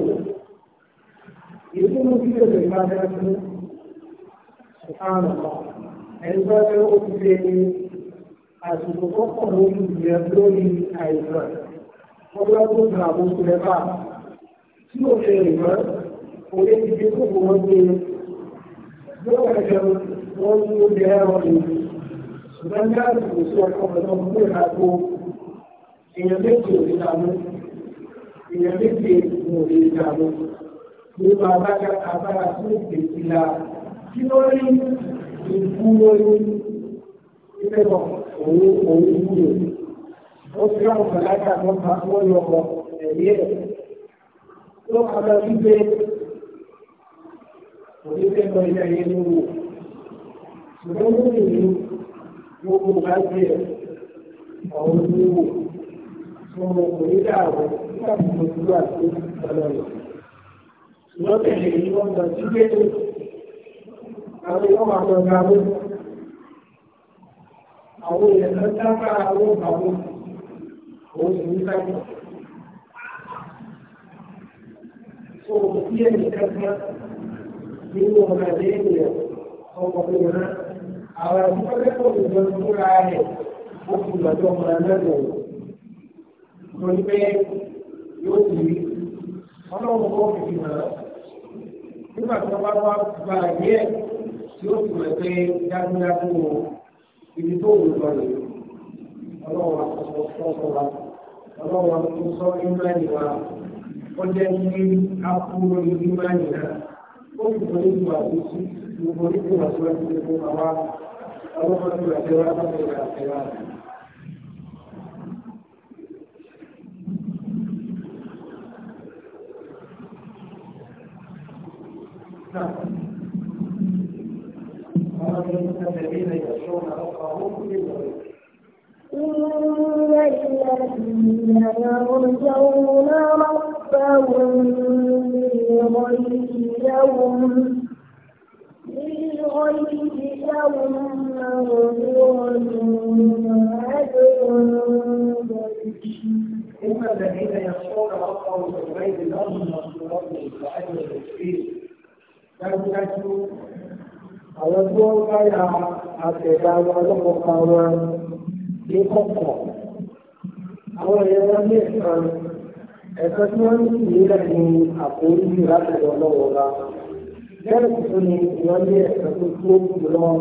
sí ẹ̀sẹ̀ máa dá sí ṣùgbọ́n ẹni ó ti ṣe àsìkò kọ́kọ́ lórí ìgbẹ́ lórí àìsàn. Ọgbà tó gbà àbóso rẹ̀ bá tí ó ṣe ìmọ̀ òye ti fi kókò wọn gbé yóò ẹ̀jẹ̀ wọn ní oúnjẹ ẹ̀rọ ìlú. Ṣùgbọ́n ní àsìkò sí ọkọ̀ ọ̀dọ́ èèyàn méjì ò ní dàmú èèyàn méjì ò ní dàmú nínú abájá abára tó lè ti la kí ló rí ìbú lórí ilé bọ̀ òun òun wúlò ó fi àwọn mọ̀láta wọn bá wọn lọ bọ̀ ẹ̀rí ẹ̀ tó kọjá wípé òun fẹ́ lọ ilé ayé ló wò ṣùgbọ́n ó lè ní gbogbo bá jẹ ọ̀hún ló wò mo mọ̀ pé nígbà tí mo dúró àti ọlọ́rọ̀. Ṣùgbọ́n tẹ̀lé ni wọ́n lọ sí gbẹ́tò. Àwọn èèyàn máa lọ ga ló. Àwọn èèyàn lọ dábàá àwọn ìbáwọ̀. Òun sì ní sáyé. So bí ẹnì kankan nínú ọ̀nà lẹ́yìn rẹ̀ ọmọ mi rán. Àwọn àdúgbò lẹ́kọ̀ọ́ ìjọba fúnra rẹ̀ ó fi lọ́jọ́ ọmọ náà mo pé yóò ti rí ọlọ́run kọ́ fi hàn nígbà tí wọ́n bá wá gba ìyẹ́ yóò fi hàn pé dájúdájú o ibi tó wù lọ rèé ọlọ́run àkọsọ sọ́kọ wa ọlọ́run àkọsọ ìmáàlì wa ọjọ́ ìdí akúrò ìmáàlì náà ó fi hàn ìlú àkóso gbogbo ìdí wàsíwájú gbogbo àwa ọlọ́run àti ìwàjẹ́ wa lọ́wọ́ ìwà àti ìwà àti إن الذين يخشون ربهم بالغيب إن الذين يرجون ربهم بالغيب لهم بالغيب لهم إن الذين يخشون ربهم بالغيب لهم مغفرة وأجر كبير لو àwọn tí wọ́n káyà àtẹ̀dá wọn lọ́pọ̀ pa ní kọ̀kọ̀ àwọn èèyàn wọn ní ẹ̀sán ẹ̀sán tí wọ́n ń sì nílẹ̀ ní àkórí látọ̀dọ̀ lọ́wọ́ ra bẹ́ẹ̀ sì tún ni ní tó tó àìsẹ́lẹ̀ lọ́wọ́ pàrọ̀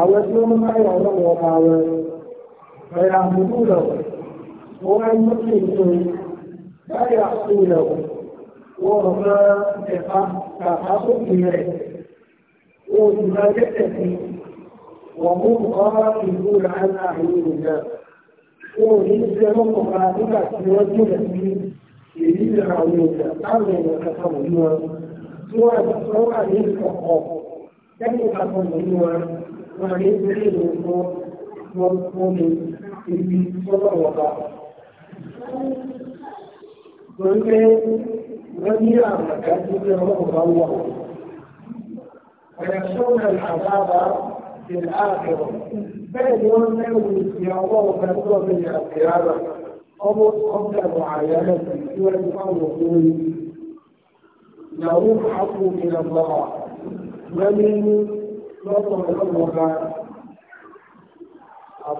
àwọn tí wọ́n káyà ọlọ́wọ́ lọ́wọ́ ومسلمون لا يعصونه وما تحقق إليه وما يكتفي وهم غافلون عن أعيننا ويلزم مخالفة وجنة يلزم علينا أمن كفرنا سوى سوى للفقه كم كفرنا ويلزم المؤمن في صلى الله عليه وسلم wọ́n pé wọ́n ní àwọn àgbà tó ní bá wà ọ̀yà sọ́nà àbábá ti láàbẹ̀rọ̀ bẹ́ẹ̀ ni wọ́n mẹ́rù tó ọmọ tí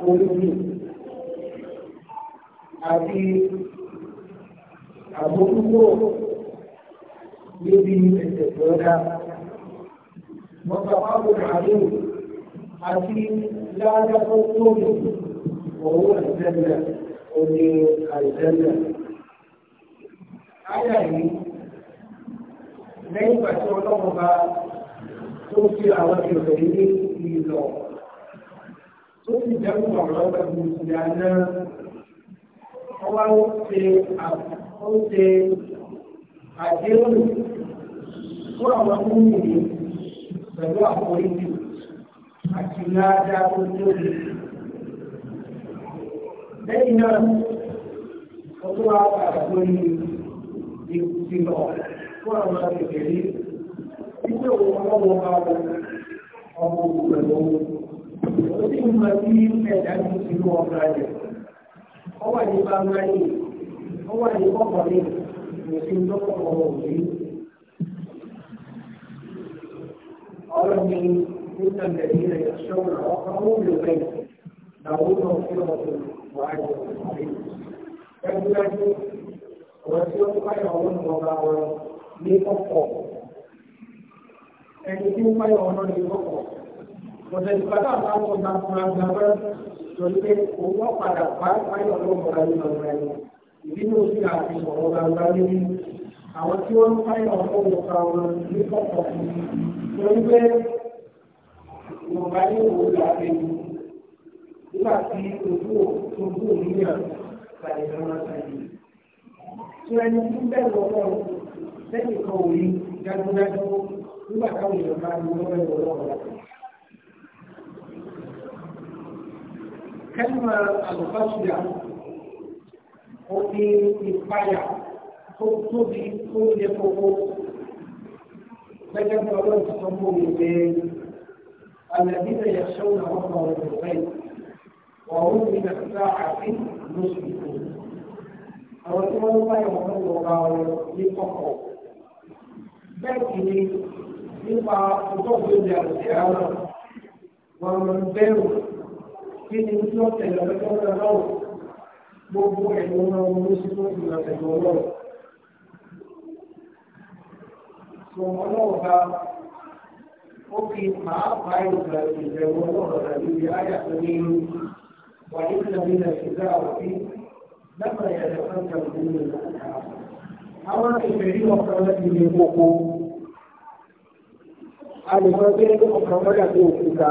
wọ́n ti àti àbókúkúrò níbi ẹ̀sẹ̀ tó dá. Mọ̀tàwáwò àdó àti ládàkọ́ tóbi òwò àìsẹ́lẹ̀ òní àìsẹ́lẹ̀. Áyà yìí lẹ́yìn pàṣẹ ọlọ́run bá tó fi àwọn ìrọ̀lẹ́ ní ìlọ. Tó sì jẹ́ mú ọ̀rọ̀ ọ̀gbẹ̀gbẹ̀ ìyá náà ọwá ó ṣe ó ṣe àdéhùn fún àwọn múmi yìí pẹ̀lú àforíjì àti náàdá tó tóbi. lẹ́yìn náà ó tún wá padà lórí ìkùsìlọ̀ fún àwọn agbègbè nígbà wo ọlọ́wọ́ bá wọ ọmọ òkú pẹ̀lú ó sì ń mọ sí ẹ̀dá tó ti lọ ọ̀gá rẹ̀ ó ní bangladesh ó wà ní kọkànlẹ kò sí lọ́pọ̀ ọmọ òbí. ọ̀rọ̀ mi nígbà mẹ́rin rẹ̀ ṣọ́nà ọkọ̀ ó lò bẹ́ẹ̀ làwọn náà wà á jọ àbí. dájúdájú ọ̀rọ̀ tí ó ń ọ̀rọ̀ ìjọba wọn ní kọ̀kọ̀ ẹni tí ń báyọ̀ ọ̀rọ̀ ní kọ̀kọ̀. Bọ̀dẹ̀ ìpàdé àwọn ọmọ ọ̀gá fúnra gbàgbọ́ torí pé owó padà pàápàá yọ̀ ló ń bọ̀ láyé ọ̀gá ẹni. Ìdí ní oṣù àti ọ̀rọ̀ gbàgbọ́ lórí àwọn tí wọ́n ń fáyọ̀ ọ̀gbọ̀n ọ̀gá wọn ní kọ̀ọ̀kọ̀ torí pé ìwọ̀nba ní owó làbẹ́ yìí. Nígbà tí ojú ojú òmìnira tàbí ọmọ tàbí. Tí ẹni tí ń bẹ̀rù ọ̀rọ̀ lẹ́yìn kan òní dájúdájú nígbà táwọn èèyàn máa ń lọ́wọ́ ẹ̀rọ ọ̀rọ̀ kẹ́lìmọ̀ àlùfáṣíà ó ní ìpayà tó tóbi tó yẹ kókó gẹ́gẹ́ bí ọlọ́run ti sọ mọ́ mi pé alẹ́bíyẹ yẹ sọ́wọ́n àwọn ọmọ rẹ̀ lọ́wọ́ wọ́n mi nà sá àfi lóṣù àwọn tí wọ́n bá yọ̀ wọ́n lọ bá wọn ní kọ̀kọ̀ bẹ́ẹ̀ kì í nípa ọjọ́ ìgbésẹ̀ àti ìyá wọn wọn bẹ̀rù kí ni tí ó tẹ̀lé ọjọ́ ọlọ́run gbogbo ẹ̀dùn náà ló sì tó ìlọ ẹ̀dùn ọlọ́run. Sọ ọlọ́run bá ó fi pàápàá ìgbà ìbẹ̀rù ọlọ́run tàbí ibi ayà tó ní inú wà nínú ìlànà ìgbà òfin lẹ́kọ̀ọ́ ìyàtọ̀ kan tàbí nínú ìlànà. Àwọn ìbẹ̀rí ọkàn láti ilé gbogbo. A lè sọ pé ọkàn mọ́dà tó òkúta.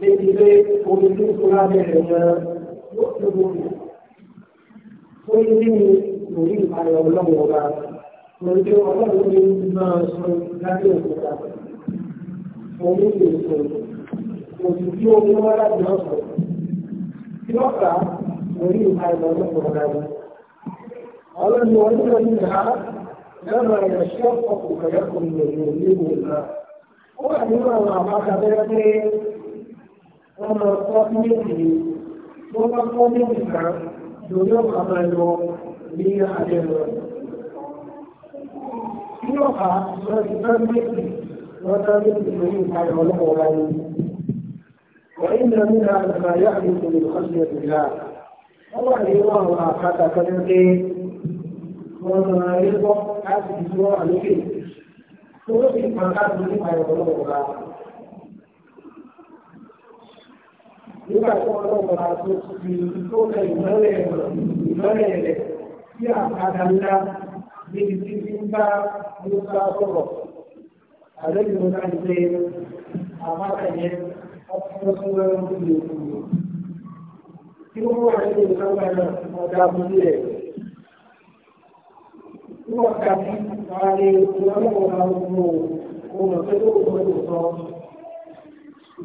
níbi pé omi tí ń fura bẹ̀rẹ̀ gan yóò tó lórí. Ó ní bí mi kò rí ìpayọ̀ ọlọ́run ọba. Mo ní ọlọ́run ní máa sun lábẹ́ òkúta. Mo ní èso òsì tí ó ní wọ́n láti ọ̀sán. Tí wọ́n kà mo rí ìpayọ̀ ọlọ́run ọba. Ọlọ́run ọdún ọdún náà lọ́nà ìrẹsẹ́ ọkùnrin ọkùnrin lòdì òní ìwòlá. Ó wà nínú àwọn àbájáde pé wọ́n lọ kọ́ sí méjì ni wọ́n bá kọ́ méjì kan lórí ọ̀pá máa lọ ní alẹ́ lọ. Ní ọ̀pá lọ sí bá méjì lọ bá méjì lórí ìtayọ̀ ọlọ́pọ̀ wáyé. وإن منها لما يحدث من خشية الله الله يرى ما حتى Tó ló fi kàn nípa ìrọ̀lọ́wọ́ rárá. nígbà tí wọ́n lọ́wọ́ bá tó fi tó kẹ ìmọ́lẹ̀ ìmọ́lẹ̀ rẹ̀ sí àkàdá ńlá níbi tí fi ń bá Musa sọ̀rọ̀. Àlejò náà ń ṣe àmàkàyẹ ọkùnrin ọdún ìlú. Tí wọ́n wà nínú ìsọ́gbà náà, ọ̀dà Tí wọ́n kà sí ààrẹ ìwọ́n lọ́wọ́ bá gbogbo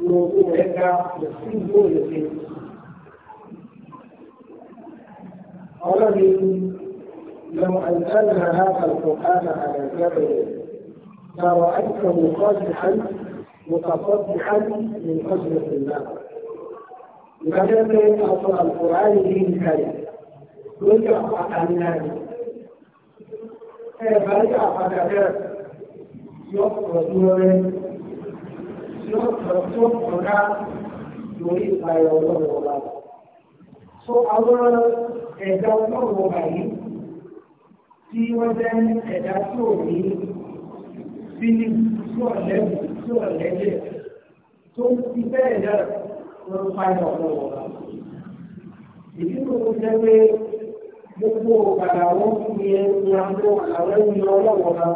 موضوع يقع يصير هو يصير لو أنزلنا هذا القرآن على جبل لرأيته خاشعا متصدعا من خشية الله لذلك أصل القرآن دين كريم يرجع أعلان كيف يرجع فكذا يخرج tí ó lórí ìpayà ọlọ́run ọba. So àwọn ẹ̀dá ọlọ́run ọba yìí tí wọ́n jẹ́ ẹ̀dá tí ò ní bílí tí ò lẹ́bù tí ò lẹ́jẹ̀ tó ti bẹ́ẹ̀ náà wọ́n ń payà ọlọ́run ọba. Èyí tó kó jẹ́ pé gbogbo ọ̀gbàdà wọn fi ẹnu àwọn àwọn ẹni ọlọ́run ọba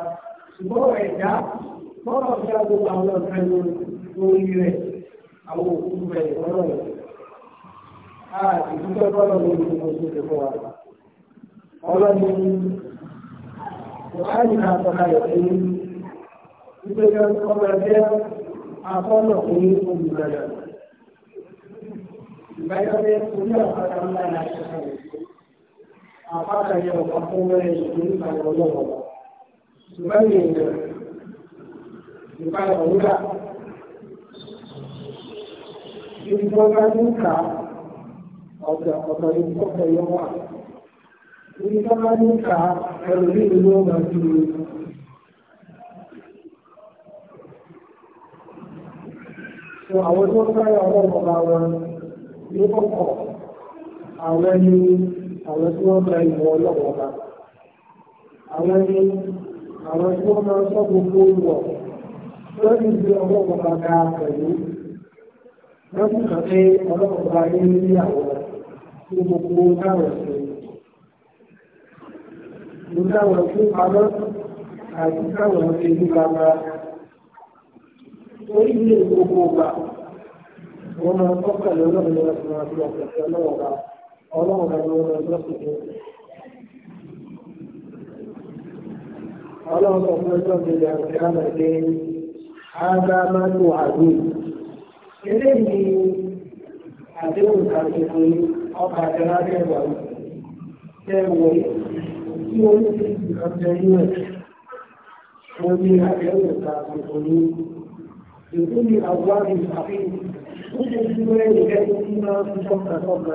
ṣùgbọ́n ẹ̀dá bọ́ọ̀lù ọ̀gá gbogbo àwọn ọ̀gá ẹni lórí rẹ̀ àwọn òkú rẹ̀ lọ́rọ̀ rẹ̀. a ti dúpẹ́ bọ́lá lórí oṣù tó fọ́ wa. ọlọ́ni wàhálì náà tọ́ka rẹ̀ pé wípé ọmọ ẹgbẹ́ afọ́nà pé olùdarí. ìgbàlódé orí àpáta ńlá ni a ṣe àpáta yẹn ọ̀pọ̀ fún wẹ́rẹ́ ìṣòro ìpàdé ọlọ́wọ́. ṣùgbọ́n ìyẹn ìgbàlódé ìgbọ́ bá ní ká ọ̀dọ̀ ìkọ́kọ̀ yọ wà. Ìgbọ́ bá ní ká ẹ̀rọ ní ìlú ọ̀gá ju So àwọn tó fẹ́ ọwọ́ ọba wọn ní kọ̀kọ̀ àwọn ni àwọn tí wọ́n fẹ́ ìwọ ọlọ́wọ́ ọba. Àwọn ni àwọn tí wọ́n máa ń sọ gbogbo wọ̀ lórí ìgbé ọwọ́ pẹ̀lú. wọ́n sì sọ pé ọlọ́run bá ní àwọn ní gbogbo pamọ́ àti ní gbogbo wọ́n máa lé ọlọ́run àti ọ̀sẹ̀ ọlọ́run ní ọlọ́run sọ fún ẹjọ́ ágá máa lo àdúgbò. ilé ni àdéhùn àtẹ̀kùn ọkọ̀ àtẹ̀lá tẹ̀wà tẹ̀wọ̀ tí ó ń fi ìkọ̀tẹ̀ inú ẹ̀ wọ́n ní àdéhùn àtẹ̀kùn ní ìlú ni àwọn àmì àfihàn ó ṣe sí mẹ́rin ẹni tí máa ń tọ́ka tọ́ka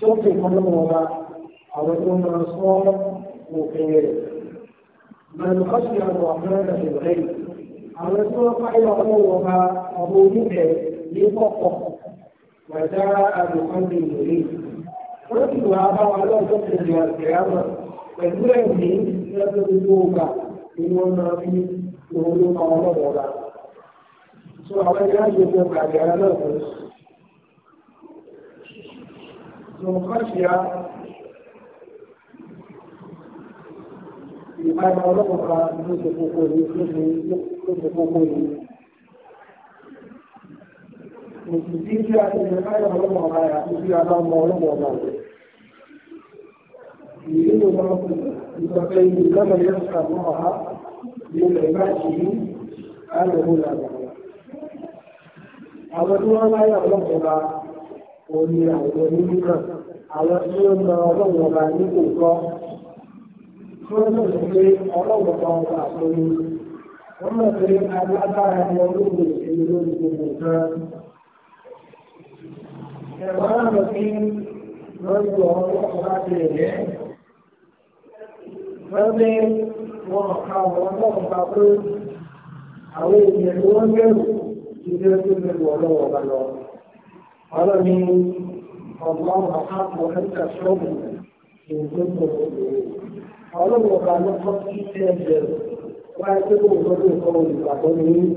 tọ́kùn kan lọ́wọ́ wa àwọn tó máa sọ òfin rẹ̀. من خشي الرحمن بالغيب àwọn tí wọ́n fáyọ̀ ọmọ wọn bá ọmọ onífẹ̀ ní kọ̀kọ̀ wàjá àdùnkànlé ìwòye. wọ́n sì wá bá wa lọ́jọ́ kejì àgbẹ̀yàmọ̀ pẹ̀lú ẹ̀mí lọ́jọ́ gbogbo ọgbà ni wọ́n máa fi òun ló máa ọlọ́wọ́ ọba. sọ àwọn ẹ̀yà gbogbo àgbẹ̀yà náà fún un. ìpàdé ọlọ́wọ́ ọba ló ṣe kókó ní ìlú tó ṣe kókó ni. Mùsùlùmí tí a ti rìn láyọ̀ ọlọ́mọ ọba yà tó bí a bá mọ ọlọ́mọ ọba rẹ̀. Ìlérí ọmọ ìgbàgbẹ́ ìlú lọ́nà yẹn ń kà mọ́ ọ̀há ní ilẹ̀ ìbáṣìí alòhùn làbà. Àwọn tí wọ́n láyọ̀ ọlọ́mọ ọba òun ni àwọn onímọ̀ tí ó mọ ọlọ́mọ ọba ní kò kọ́. Tí wọ́n mọ̀ sí pé ọlọ́mọ ọba ọba àtọ́ni wọ́n mọ̀ pé alágbára ni olóògbé ìṣèlú lórí gbogbo nǹkan. ẹ̀wọ̀n náà lọ sí lọ́jọ́ ọlọ́pàá láti ẹ̀yẹ́. wọ́n ní wọn ka àwọn ọlọ́pàá pé àwọn èèyàn ni wọ́n bẹ̀rù ilé tó bẹ̀rù ọlọ́wọ́ bá lọ. ọlọ́ni ọgbọ́n àpapọ̀ ẹ̀ka ṣọ́ọ̀bù ìgbésẹ̀ ọlọ́wọ́ bá lọ́kọ́ sí ẹ̀jẹ̀ rẹ̀ wọ́n kó nǹkan tó nǹkan wọn ìgbàgbọ́ yín.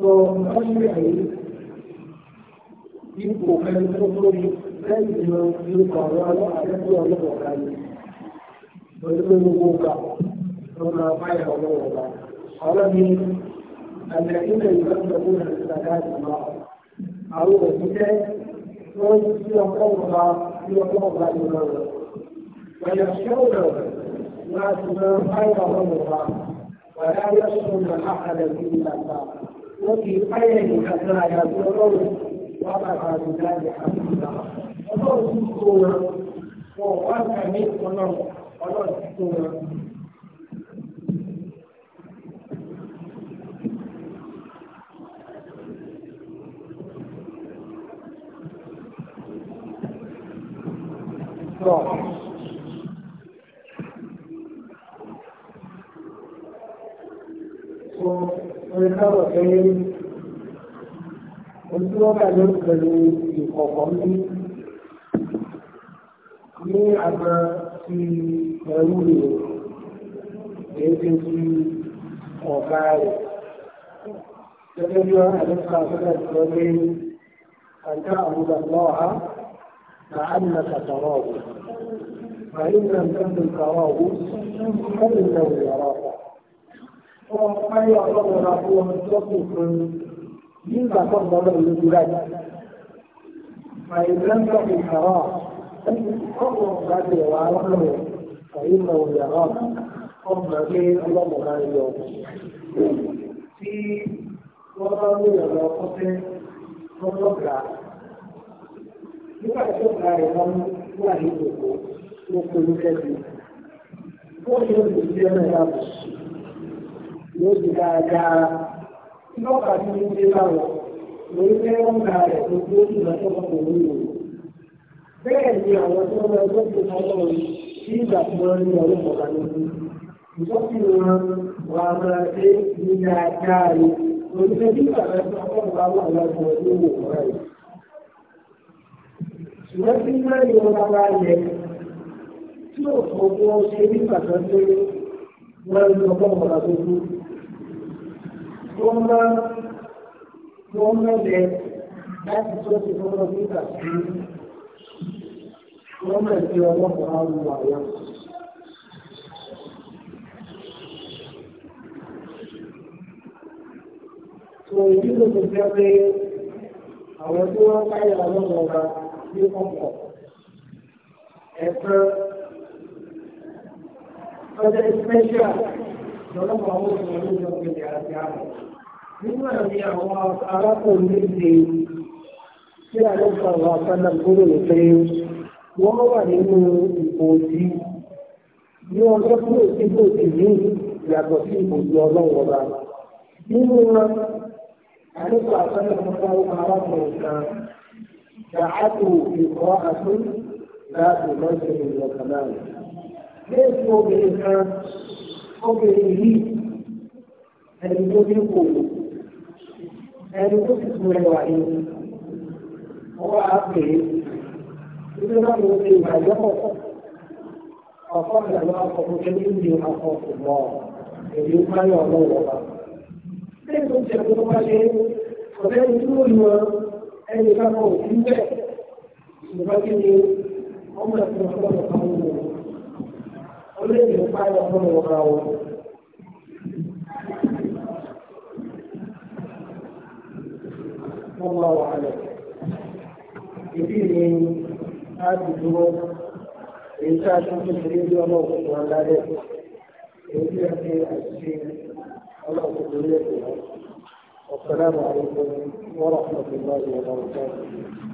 sọ ọ́nà yìí ipò ẹni tó lórí lẹ́yìn lọ nípa àwọn aláàbẹ̀tí ọlọ́wọ́ ọ̀gá yìí pẹ̀lú gbogbo ọ̀gá tó máa báyà ọlọ́wọ́ ọ̀gá. ọlọ́ni àlẹ́ ilẹ̀ ìgbàgbọ́ náà ti ṣàkáàtì máa àwọn òbí jẹ́ ń sí ọkọ̀ ọba sí ọkọ̀ ọba ní ọ̀rọ̀ rẹ̀. Wọ̀nyẹ̀ ṣẹ́wọ̀n láti mọ báyọ̀ ọ̀rọ̀ ọba wàdá yọ̀ṣọ̀ nà áhàlẹ̀ sí ìlànà. Wọ́n kì í báyẹ̀ nìkan náà yàtọ̀ ọlọ́run wọ́n bàbá àdúgbò àti àdúgbò. Ọlọ́run ti kó wọn, wọ́n wá ṣe káwọ̀ pé ojúlọ́gbà ló pẹ̀lú ìkọ̀kọ̀ ní ní àgbà ti ẹ̀rú rẹ̀ èyí ti ọ̀gá rẹ̀ gẹ́gẹ́ bí wọ́n àdúgbà fúnra ìjọ pé àjọ àwọn ọlọ́ha كأنك تراه فإن لم تكن تراه فإنه يراك ọmọ káyọ̀ ọlọ́run ra fún ọmọ tó kù fún ní ìgbà tó ń bọ́lọ̀ lójú rájà. àìlẹ́ńtọ̀ ìkàrọ̀ ọ̀pọ̀ ìgbàgbé wa lọ́rùn àìmọ̀ ìyàrá ọmọ ilé ọlọ́run máa ń yọ. tí wọ́n bá ń lò lọ kọ́sẹ́ lọ́dọ̀ gbà. nígbà tó gba ẹ̀rọ wà ní ìdòkó ló polú kẹ́bi. wọ́n yóò lè fi ẹ̀rọ ìyàbọ̀ sí i yóò di dáadáa tí wọ́n ní ilé báwọn lórí pé wọ́n gba rẹ̀ tó tó ti lọ sọ́kọ̀ kò ní ìlú. Bẹ́ẹ̀ ni àwọn tó lọ ẹgbẹ́ tó lọ lọ́wọ́ sí ìgbà tí wọ́n ní ọdún kọ̀ọ̀kan lójú. Ìtọ́sí wọn wà máa ṣe ní dáadáa rẹ̀ lórí pé bí bàbá tó kọ́ bá wà lọ́wọ́ ní ìlú ọ̀rẹ́ rẹ̀. Ṣùgbọ́n tí wọ́n ní wọn bá yẹ tí òfò wọn ṣe ní bàbá tó wọ́n lọ́wọ́ lọ́mọ́ lọ́mọ́ lẹ láti tó ti fọ́nà nígbà tí lọ́mọ́ ti ọlọ́pàá wù àyà. So èyí ló ti jẹ́ pé àwọn tí wọ́n káyà lọ́wọ́ wa ní ọ̀pọ̀ ẹ̀fẹ́ ọjọ́ ìpẹ́ṣẹ́ lọ́lọ́pàá wọ́n ti wọ́n lójú ọ̀gbìn àti àmọ̀ nígbà tí àwọn arákùnrin ti tí a ló fa àwọn akádà kúrò ní pé wọ́n wà nínú ipò tí ní ọjọ́ kúrò sí kò sí ní yàtọ̀ sí ìbòjú ọlọ́wọ́ bá nínú wọn àdúgbò àkádà kúrò arákùnrin kan dàátù ìkọ́ àtún láti lọ́sẹ̀ ìlọ́kàn náà. Léèkì obìnrin kan, obìnrin yìí, ẹni tó dín kò ẹni tó sì tún rẹwà yìí pè é nígbà náà ló ṣe ìbàjẹ́ pọ̀pọ̀ ọ̀pọ̀ ìgbàgbọ́ ọkọ̀ tó ní ìlú akọ̀ ndị èyí ó máa yọ ọlọ́wọ́ wa. ṣé tó ń والله أعلم يبيني هذه الظروف إن شاء الله تريد وموقف ولا لا يبيني الشيء الله تقول والسلام عليكم ورحمة الله وبركاته